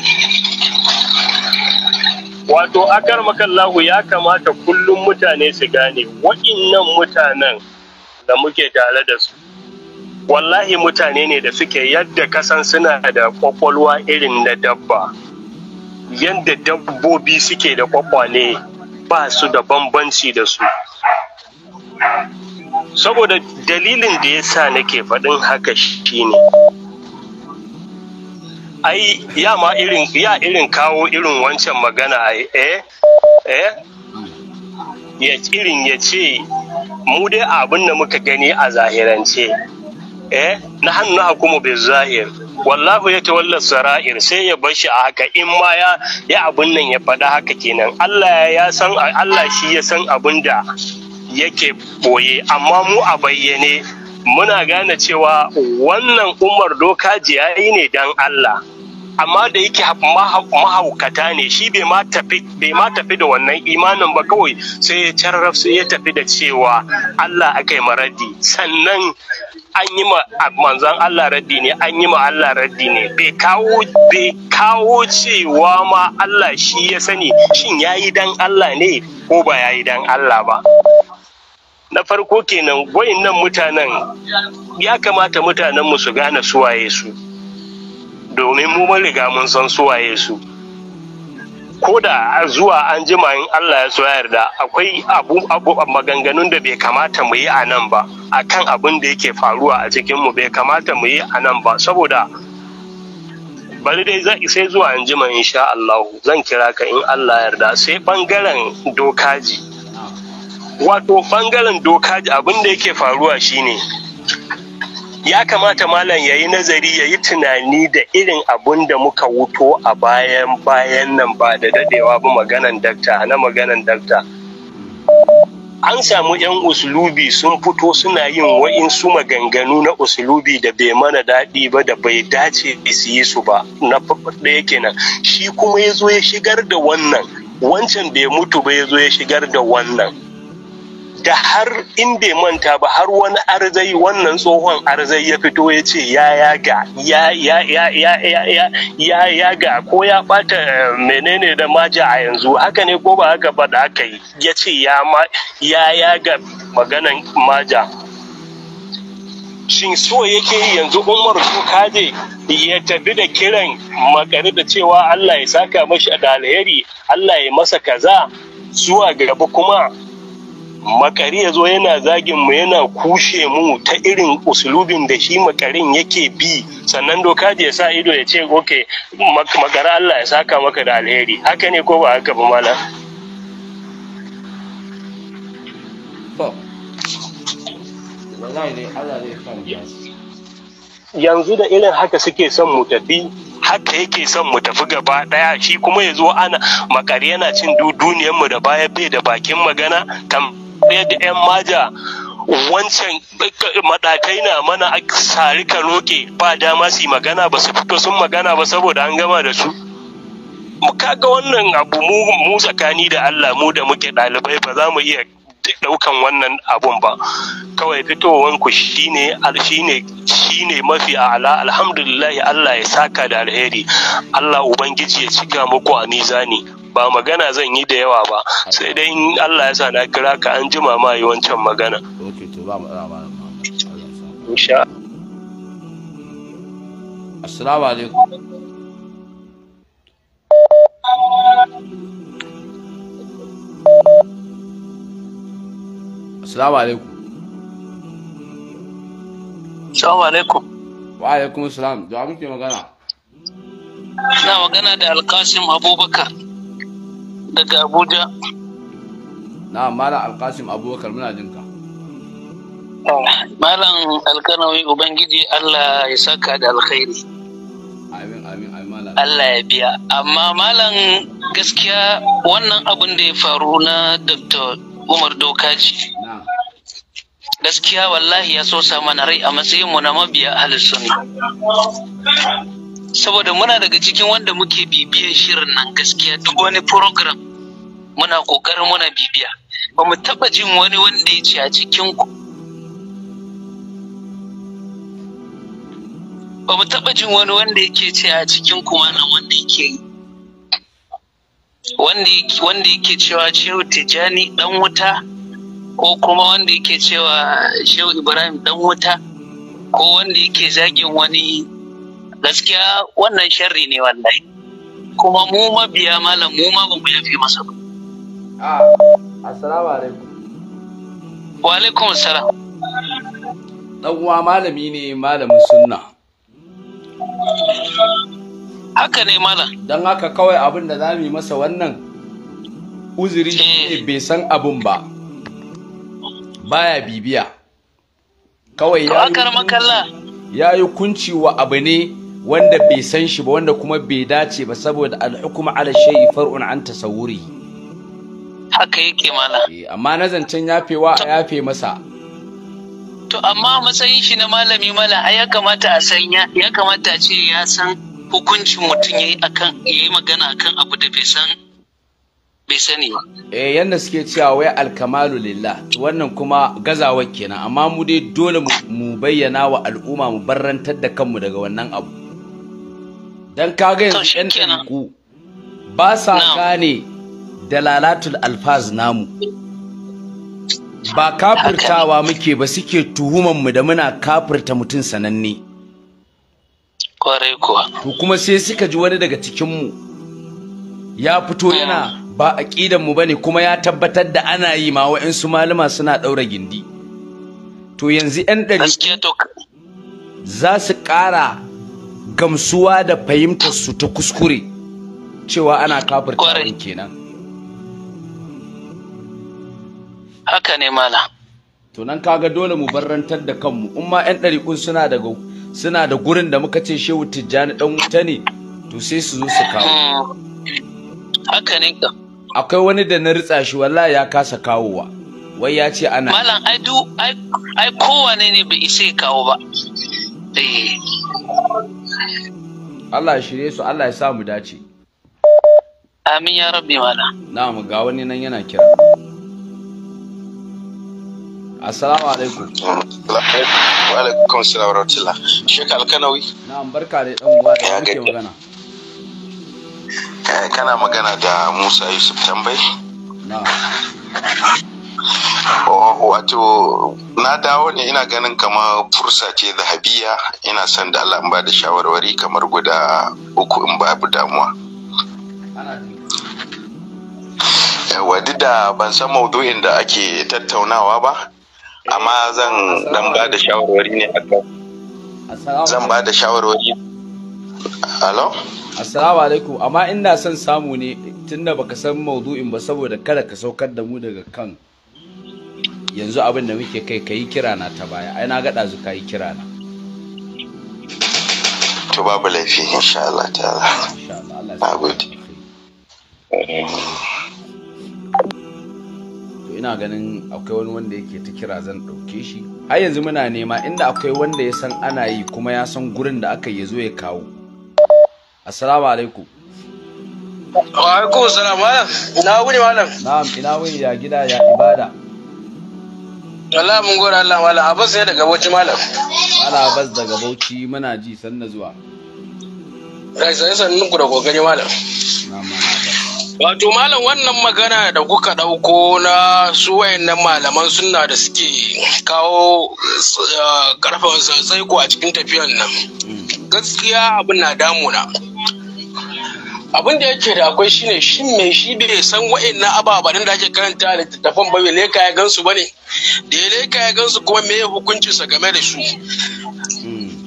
wato akar makallahu ya kamata kullum mutane su gane waɗannan mutanen da muke tare da su wallahi mutane ne da suke yadda kasan suna da kwakwalwa irin na dabba yadda dabbobi suke da kwakwale ba su da bambanci da su saboda dalilin da ya sa nake faɗin haka shine ai ya ma irin ya irin kawo irin wancan magana ai eh eh ya irin ya ce mu dai abin da muka gani a zahirance eh na hannu hukumu bai zahir wallahu ya tawalla sara'ir sai ya bashi a haka in ma ya ya abin nan ya faɗa haka kenan Allah ya san Allah shi ya san abin da yake boye amma mu a bayyane muna gane cewa wannan umar doka jiyayi ne dan Allah amma da yake mahaukata ne shi bai ma tafi da wannan imanin ba kawai sai ya carraf sai ya tafi da cewa Allah aka yi maradi sannan an yi manzan Allah raddi ne an yi ma Allah raddi ne bai kawo cewa ma Allah shi ya sani shin ya yi dan Allah ne ko ba ya yi dan Allah ba na farko kenan nan mutanen ya kamata mutanen mu su gane suwaye su domin mu mun riga mun san suwaye su ko da zuwa an jima in Allah ya so yarda akwai abu abu maganganun da bai kamata mu yi a nan ba akan abin da yake faruwa a cikin mu bai kamata mu yi a nan ba saboda bari dai sai zuwa an jima insha Allah zan kira ka in Allah yarda sai bangaren dokaji wato bangaren doka abin da yake faruwa shine ya kamata malam ya yi nazari ya yi tunani da irin abun da muka wuto a bayan bayan nan ba da dadewa ba maganan dakta na maganan dakta an samu 'yan usulubi sun fito suna yin wa'insu maganganu na usulubi da bai mana daɗi ba da bai dace su yi su ba na yake nan, shi kuma ya zo ya shigar da wannan wancan bai mutu ba ya zo ya shigar da wannan da har in bai manta ba har wani arzai wannan tsohon arzai ya fito ya ce ya ya ga ya ya ga ko ya bata eh, menene da maja a yanzu haka ne ko ba haka ba da aka yi ya ce ya ya ya ga maganan maja shin so yake yanzu umar su kaje ya tafi da kiran makare da cewa Allah ya saka mashi da alheri Allah ya masa kaza zuwa gaba kuma makari ya zo yana zagin mu yana kushe mu ta irin usulubin da shi makarin yake bi sannan dokaji ya sa ido ya ce oke makara Allah ya saka maka da alheri haka ne ko ba haka ba mala yanzu da irin haka suke son mu tafi haka yake son mu tafi gaba daya shi kuma ya zo ana makari yana cin duniyarmu da baya bai da bakin magana kan ɗaya da 'yan maja wancan eh, madatai na mana a sari ka roƙe ba dama su magana ba su fito sun magana ba saboda an gama da su kaga wannan abu mu tsakani da Allah mu da muke ɗalibai ba za mu iya ɗaukan wannan abun ba kawai fitowar ku shine shine shine mafi ala alhamdulillah Allah ya saka da alheri Allah ubangiji ya cika muku a mizani ba magana zan yi da yawa ba sai dai Allah ya sa na kira ka an jima ma yi wancan magana okay Assalamu alaikum Assalamu alaikum Assalamu alaikum Wa alaikum assalam da muke magana Ina magana da Alkasim Abubakar daga Abuja. Na Malam Alkasim Abubakar muna jin ka. Ah, malam Alkanawi Ubangiji Allah ya saka da alkhairi. Amin amin amin malam. Allah ya biya. Amma malam gaskiya wannan abin da ya faru na Dr. Umar Dokaji. Gaskiya wallahi ya so sa mana rai a matsayinmu na mabiya halin saboda muna daga cikin wanda muke bibiyan shirin nan gaskiya duk wani program muna kokarin muna bibiya ba mu taba jin wani wanda ya ce a cikin ku ba mu taba jin wani wanda yake ce a cikin ku wannan wanda yake yi wanda wanda yake cewa shehu tijani dan wuta ko kuma wanda yake cewa shehu ibrahim dan wuta ko wanda yake zagin wani gaskiya wannan sharri ne wallahi kuma mu mabiya malam mu ma bamu yafi masa ba ah, assalamu alaikum wa alaikum assalam dan uwa malami ne malamin sunna haka ne malam dan haka kawai abin da zamu yi masa wannan uzuri ne eh. bai san abin ba baya bibiya kawai ya yi kunci wa abu ne wanda bai san shi ba wanda kuma bai dace ba saboda al'ukuma ala shay'i far'un an tasawuri haka yake mala eh, amma na zancen yafewa a yafe masa to amma matsayin shi na malami mala ai ya kamata a san ya kamata ce ya san hukuncin mutum yayi akan yayi magana akan abu da bai san bai sani eh yanda suke cewa wai alkamalu lillah wannan kuma gazawar kenan amma mu dai dole mu bayyana wa al'umma mu barrantar da kanmu daga wannan abu dan kaga yanzu yan ɗanku ba sa gane lalatul alfaz namu ba kafirtawa muke ba suke mu da muna kafirta mutum sananne to kuma sai suka ji wani daga cikinmu ya fito hmm. yana ba a ƙidanmu ba ne kuma ya tabbatar da ana yi ma wa'insu malama suna ɗaura gindi to yanzu 'yan ɗari za su ƙara gamsuwa da fahimtar su ta kuskure cewa ana kafirta kenan haka ne mala to nan kaga dole mu barrantar da kanmu in ma yan ɗariƙun suna da suna da gurin da muka ce shehu tijjani dan wuta ne to sai su zo su kawo hmm. haka ne ka akwai wani da na ritsa shi wallahi ya kasa kawowa wai ya ce ana malam ai du ai kowane ne bai isa ya kawo ba Eh. Allah ya shirye su Allah ya sa mu dace amin ya rabbi wala na'am ga wani nan yana kira assalamu alaikum wa alaikum assalam wa rahmatullah Sheikh alkanawi na'am barka da dan uwa da kake magana eh, kana magana da Musa Yusuf Tambay? na'am wato na dawo ne ina ganin kamar fursa ce zahabiya ina son da Allah in ba da shawarwari kamar guda uku in babu damuwa yawa duk da ban san maudu'in da ake tattaunawa ba amma zan dan ba da shawarwari ne akan zan ba da shawarwari Hello? Assalamu alaikum amma ina son samu ne tunda baka san maudu'in ba saboda kada ka saukar da mu daga kan yanzu abin da muke kai ka yi kira na ta baya ai na ga dazu ka yi kira na to babu laifi insha Allah ta'ala na gode to ina ganin akwai wani wanda yake ta kira zan ɗauke shi har yanzu muna nema inda akwai wanda ya san ana yi kuma ya san gurin da aka yi zo ya kawo assalamu alaikum wa alaikum salam malam ina wuni malam na'am ina wuni ya gida ya ibada Wala mun gora Allah malam Abbas ne daga Bauchi malam. Malam Abbas daga Bauchi muna ji sanna zuwa. Rai sai sanin ku da kokari malam. Wato malam wannan magana da kuka ɗauko na su wayannan malaman sunna da suke kawo eh, sai ko a cikin tafiyan nan. Mm. Gaskiya abin na damuna. abin da yake da akwai shine shin me shi bai san wa'annan ababen da ake karanta littattafan ba bai leka ya gansu bane da ya leka ya gansu kuma me hukuncinsa sa game da su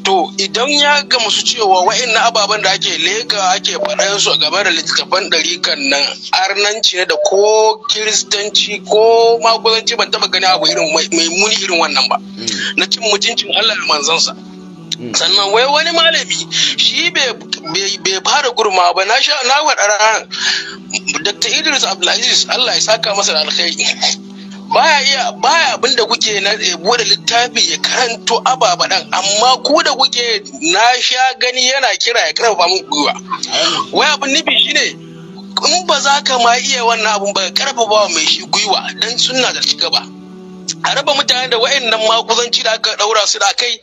to idan ya ga su cewa wa'annan ababen da ake leka ake faɗa su a game da littattafan ɗarikan nan arnanci ne da ko kiristanci ko magudanci ban taɓa gani abu irin mai muni irin wannan ba na cin mutuncin Allah da manzansa. sannan wai wani malami shi bai fara gurma ba na sha na waɗa dr idris abdulaziz allah ya saka masa da alkhairi baya iya baya abin kuke na eh, bude littafi ya karanto ababa dan amma ku da kuke na sha gani yana kira ya ba mu gwiwa wai abin nufi shine in ba za ka ma iya wannan abun ba karfafa mai shi gwiwa dan sunna da cigaba a raba mutane da wa'annan makuzanci da aka ɗaura su da kai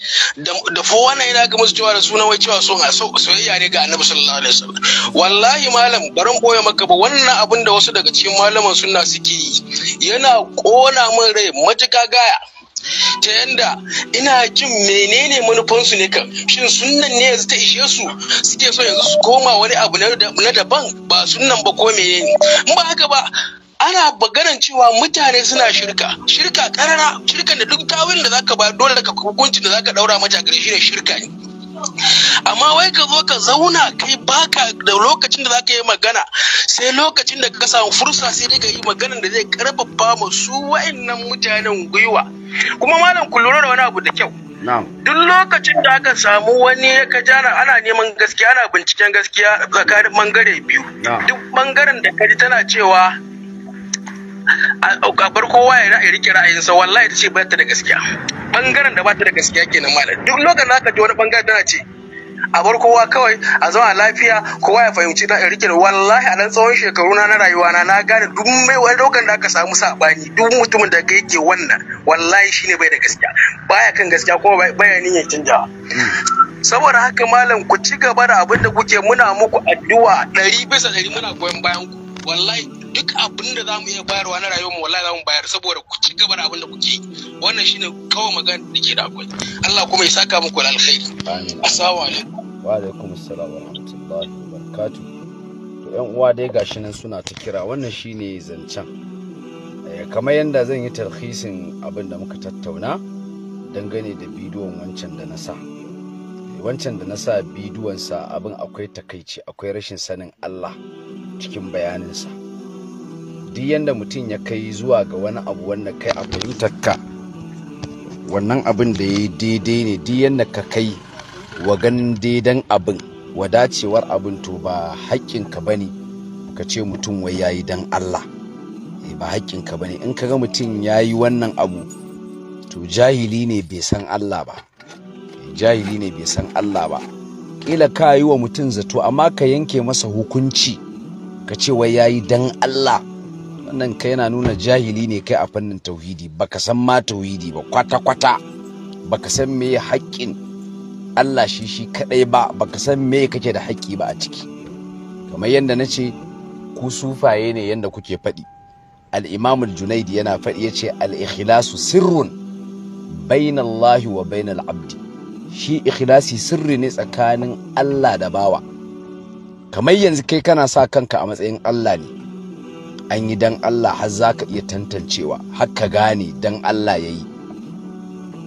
da fo wannan yana ga musu cewa da sunan wai cewa so soyayya ne ga annabi sallallahu alaihi wasallam wallahi malam barin boye maka ba wannan abin da wasu daga cikin malaman sunna suke yi yana kona min rai matuka gaya ta yanda ina jin menene manufansu ne kan shin sunnan ne yanzu ta ishe su suke so yanzu su koma wani abu na daban ba sunnan ba ko menene in ba haka ba ana maganan cewa mutane suna shirka shirka karara shirka da duk tawin da zaka ba dole ka hukuncin da zaka daura mata gare shi ne shirka ne amma wai ka zo ka zauna kai baka da lokacin da zaka yi magana sai lokacin da ka samu fursa sai dai ka yi magana da zai karfafa mu su wayannan mutanen gwiwa kuma malam ku lura da wani abu da kyau duk lokacin da aka samu wani ya ka jana ana neman gaskiya ana binciken gaskiya tsakanin bangare biyu duk bangaren da ka tana cewa a bar kowa ya rike ra'ayinsa wallahi ta ce ba ta da gaskiya bangaren da ba ta da gaskiya kenan malam duk lokacin da aka ji wani bangaren tana ce a bar kowa kawai a zama lafiya kowa ya fahimci da rike wallahi a nan tsawon shekaru na rayuwa na na gane duk mai wani lokacin da aka samu sabani duk mutumin da ga yake wannan wallahi shine bai da gaskiya baya kan gaskiya kuma baya niyyar canjawa saboda haka malam ku ci gaba da abin da kuke muna muku addu'a ɗari bisa ɗari muna goyon bayan ku wallahi duk abin da zamu iya bayarwa na rayuwar mu wallahi zamu bayar saboda ku ci gaba da abin da kuke wannan shine kawai magana da ke da akwai Allah kuma ya saka muku da alkhairi assalamu alaikum wa alaikum assalam wa rahmatullahi wa barakatuh to yan uwa dai gashi nan suna ta kira wannan shine zancen eh, kamar yadda zan yi tarhisin abin da muka tattauna dangane da bidiyon wancan da na sa eh, wancan da na sa bidiyonsa abin akwai takaici akwai rashin sanin Allah cikin bayaninsa duk yadda mutum ya kai zuwa ga wani abu wanda kai a fahimtarka wannan abin da ya yi daidai ne duk yadda ka kai wa ganin daidan abin wa abin to ba haƙƙinka ba ne ka ce mutum wai ya yi don allah eh, ba haƙƙinka ba ne in ka ga mutum ya yi wannan abu to jahili ne bai san allah ba jahili ne bai san allah ba ƙila ka yi wa mutum zato amma ka yanke masa hukunci ka ce wai yayi dan Allah wannan ka yana nuna jahili ne kai a fannin tauhidi baka san ma tauhidi ba kwata kwata baka san me haƙƙin Allah shi shi kadai ba baka san me kake da haƙƙi ba a ciki kamar yadda na ce ku sufaye ne yadda kuke faɗi al-imam junaidi yana faɗi yace al-ikhlasu sirrin bainallahi wa bainal abdi shi ikhlasi sirri ne tsakanin Allah da bawa kamar yanzu kai kana sa kanka a matsayin Allah ne an yi dan Allah har za ka iya tantancewa har ka gane dan Allah ya yi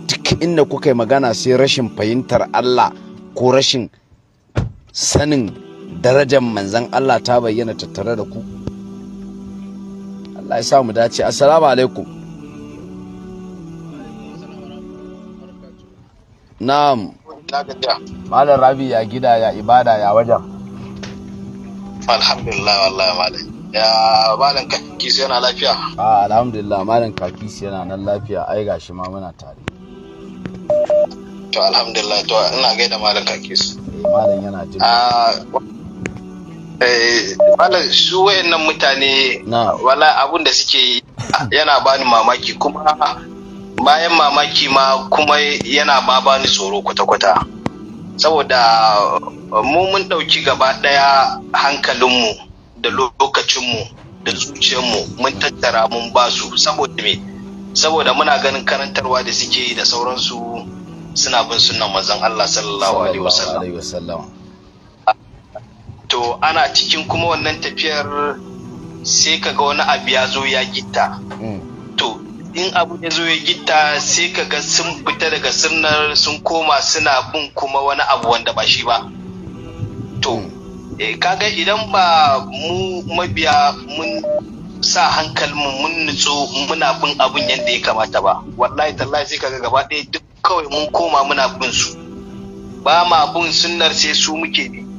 duk inda kuka yi magana sai rashin fahimtar Allah ko rashin sanin darajar manzan Allah ta bayyana tattare da ku Allah ya sa mu dace assalamu alaikum na'am malam rabi ya gida ya ibada ya wajen alhamdulillah wallahi malam ya malam kakis yana lafiya a ah, alhamdulillah malam kakis yana nan lafiya ai gashi ma muna tare to alhamdulillah to ina gaida malam kaki su eh, malam yana jin ah, eh, malam su wayannan mutane wala abun da suke yana bani mamaki kuma bayan mamaki ma kuma yana ma bani tsoro kwata-kwata saboda uh, mu mun ɗauki gaba ɗaya hankalinmu da lokacinmu da zuciyarmu mun tattara mun basu saboda me saboda muna ganin karantarwa da suke da sauransu suna bin sunan manzon Allah sallallahu alaihi wasallam to ana cikin kuma wannan tafiyar sai kaga wani abu ya zo ya gitta mm. in abu ya zo ya gita sai ka ga sun fita daga sunnar sun koma suna bin kuma wani abu wanda ba shi ba to e eh, kaga idan ba mu mabiya mun sa hankalmu mun nutso muna bin abun yadda ya kamata ba wallahi tallahi sai kaga gaba ɗaya duk kawai mun koma muna bin su ba ma bin sunnar sai su muke bi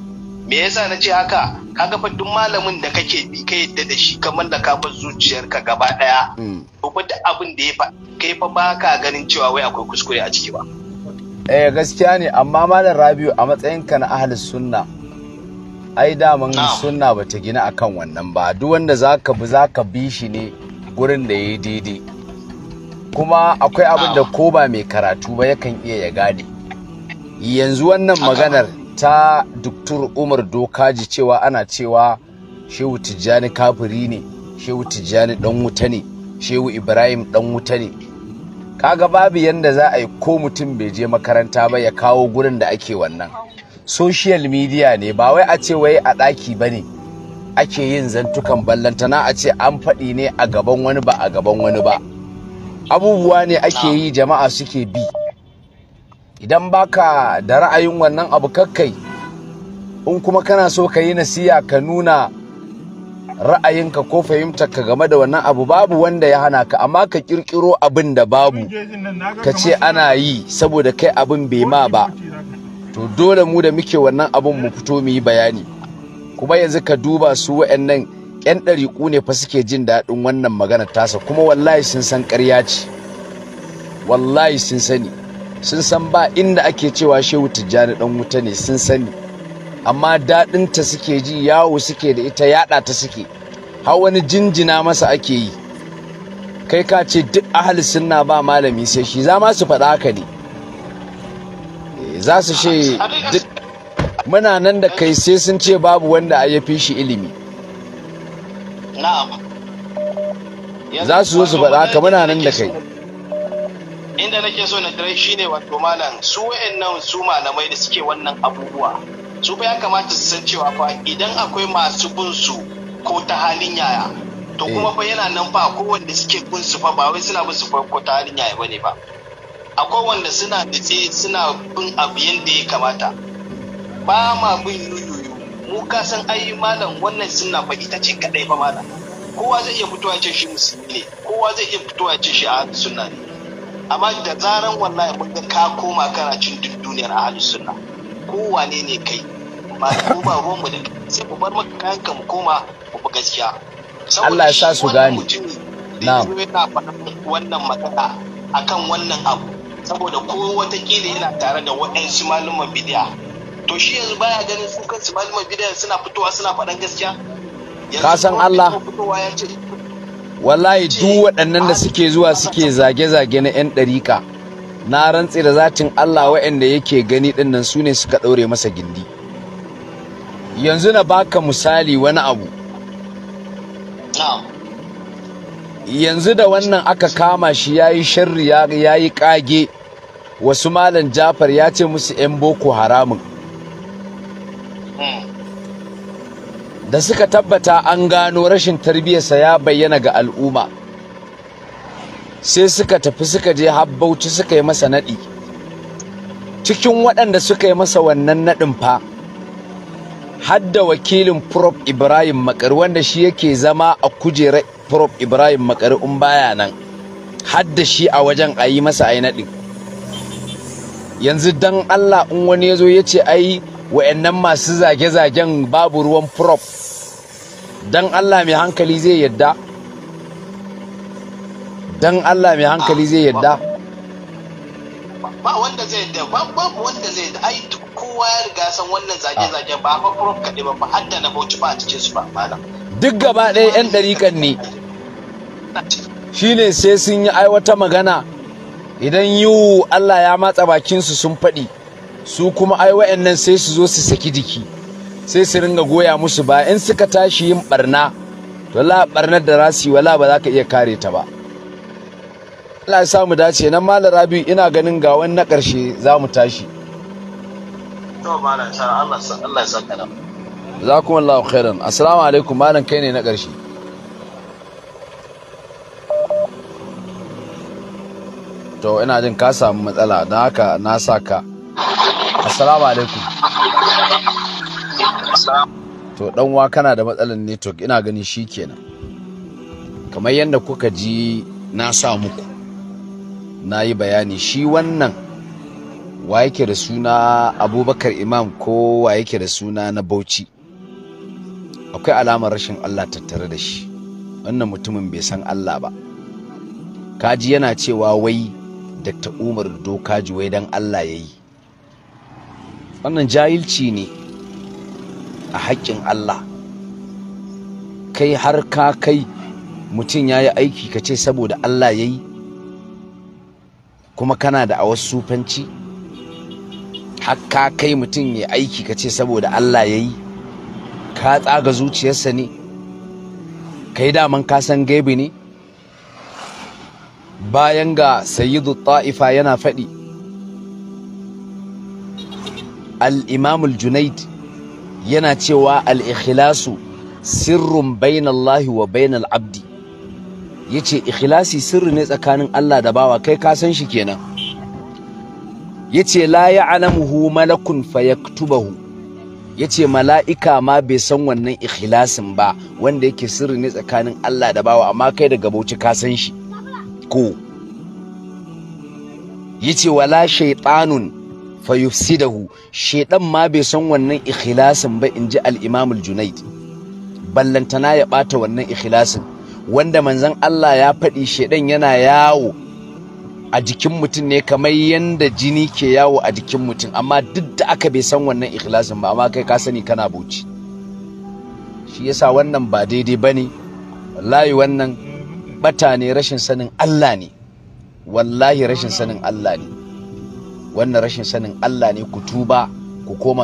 me yasa na ce haka Ka fa duk malamin da kake bi ka yadda da shi kamar da kafin zuciyarka gaba daya ko hmm. fa duk abin da ya fa kai fa ka ganin cewa wai akwai kuskure a ciki ba eh gaskiya ne amma malam Rabiu a matsayin ka na ahli sunna ai daman sunna ba ta gina akan wannan ba duk wanda zaka bi zaka bi shi ne gurin da yayi daidai kuma akwai abin da ko ba mai karatu ba yakan iya ya gane yanzu wannan maganar ta duktur umar dokaji cewa ana cewa shehu tijjani kafiri ne shehu tijjani ɗan wuta ne shehu ibrahim ɗan wuta ne kaga babu yadda za a yi ko mutum bai je makaranta ba ya kawo gurin da ake wannan social media ne ba wai a ce wai a ɗaki ba ne ake yin zantukan ballantana a ce an faɗi ne a gaban wani ba a gaban wani ba abubuwa ne ake yi jama'a suke bi idan baka da ra'ayin wannan abu kakkai in kuma kana so ka yi nasiya ka nuna ra'ayinka ko ka game da wannan abu babu wanda ya hana ka amma ka kirkiro abin da babu ka ce ana yi saboda kai abin bai ma ba to dole mu da muke wannan abin mu fito mu yi bayani kuma yanzu ka duba su wa'annan 'yan ɗariƙu ne fa suke jin daɗin wannan magana tasa kuma wallahi sun san ƙarya ce wallahi sun sani sun san ba inda ake cewa shehu tijjani dan wuta ne sun sani amma daɗinta suke ji yawo suke da ita yaɗa ta suke har wani jinjina masa ake yi kai ka ce duk ahal sunna ba malami sai shi za ma su faɗa haka ne eh, za su ce duk muna nan da kai sai sun ce babu wanda a yafi shi ilimi za su zo su faɗa haka muna nan da kai inda nake so na tare shine wato malam su wayannan su malamai da suke wannan abubuwa su fa ya kamata su san cewa fa idan akwai masu bin su ko ta halin yaya to kuma fa yana nan fa ko wanda suke bin su fa ba wai suna bin su ko ta halin yaya bane ba akwai wanda suna nitse suna bin abu yadda ya kamata ba ma bin yuyuyu mu ka san ayi malam wannan sunna fa ita ce kadai fa malam kowa zai iya fitowa ce shi musulmi ne kowa zai iya fitowa ce shi a sunna ne amma da zaran wallahi mun ga ka koma kana cin duk duniyar ahli sunna wane ne kai ba ko ba ruwan mu da sai ku bar maka kayan ka mu koma ku bi gaskiya Allah ya sa su gane na'am na faɗin wannan magana akan wannan abu saboda ko wata kila yana tare da waɗansu malaman bidiya to shi yanzu baya ganin su kansu malaman bidiya suna fitowa suna faɗan gaskiya ka san Allah fitowa ya ce wallahi duk waɗannan da suke zuwa suke zage-zage na 'yan ɗarika na rantse da zatin Allah waɗanda yake gani ɗinnan su ne suka ɗaure masa gindi yanzu na baka misali wani abu yanzu da wannan aka kama shi ya yi sharri ya yi ƙage wasu malam jafar ya ce musu 'yan boko haramun hmm. da suka tabbata an gano rashin tarbiyyarsa ya bayyana ga al'umma sai suka tafi suka je habbauci suka yi masa naɗi cikin waɗanda suka yi masa wannan naɗin fa hadda wakilin prof ibrahim makar wanda shi yake zama a kujerar prof ibrahim makar in baya nan hadda shi a wajen a yi masa a yi yanzu don allah in wani ya zo ya ce ai wa'annan masu zage-zagen babu ruwan prop don allah mai hankali zai yadda don allah mai hankali zai yadda ba wanda zai yadda ba babu wanda zai yadda ai kowa ya riga san wannan zage-zage ba ba prop kaɗai ba ba hadda na bauchi ba a cikin su ba malam duk gaba ɗaya 'yan ɗariƙan ne shine sai sun yi aiwata magana idan yiwu allah ya matsa bakinsu sun faɗi su kuma ai wa'annan sai su zo su saki jiki sai su ringa goya musu ba in suka tashi yin barna to la barna da rasi wala ba za ka iya kare ta ba Allah ya samu dace nan malam Rabi ina ganin ga wani na karshe za mu tashi to malam sa Allah Allah ya saka nan jazakumullahu khairan assalamu alaikum malam kai ne na karshe to ina jin ka samu matsala don haka na saka. ka Assalamu alaikum. To dan wa kana da matsalar network ina gani shi kenan. Kamar yadda kuka ji na sa muku na yi bayani shi wannan wa yake da suna abubakar imam ko wa yake da suna na bauchi akwai alamar rashin allah tattare da shi wannan mutumin bai san allah ba kaji yana cewa wai dr umar dokaji wai dan allah ya yi wannan jahilci ne a haƙƙin Allah kai har ka kai mutum ya yi aiki ka ce saboda Allah ya yi kuma kana da wasu sufanci har ka kai mutum ya yi aiki ka ce saboda Allah ya yi ka tsaga zuciyarsa ne kai daman kasan gaibi ne bayan ga sayyidu ta'ifa yana faɗi al-imamul junaid yana cewa al-ikhlasu sirrin bainallahi wa bainal abdi yace ikhlasi sirri ne tsakanin Allah da bawa kai ka san shi kenan yace la hu malakun fayaktubahu yace mala'ika ma bai san wannan ikhlasin ba wanda yake sirri ne tsakanin Allah da bawa amma kai daga bauchi ka san shi ko ce wala shaitanun. fa shedan ma bai san wannan ikhlasin ba inji al-imam al-junayd ballantana ya bata wannan ikhlasin wanda manzon Allah ya faɗi shedan yana yawo a jikin mutum ne kamar yanda jini ke yawo a jikin mutum amma duk da aka bai san wannan ikhlasin ba amma kai ka sani kana boci shi yasa wannan ba daidai bane wallahi wannan bata ne rashin sanin Allah ne wallahi rashin sanin Allah ne wannan rashin sanin Allah ne ku tuba ku koma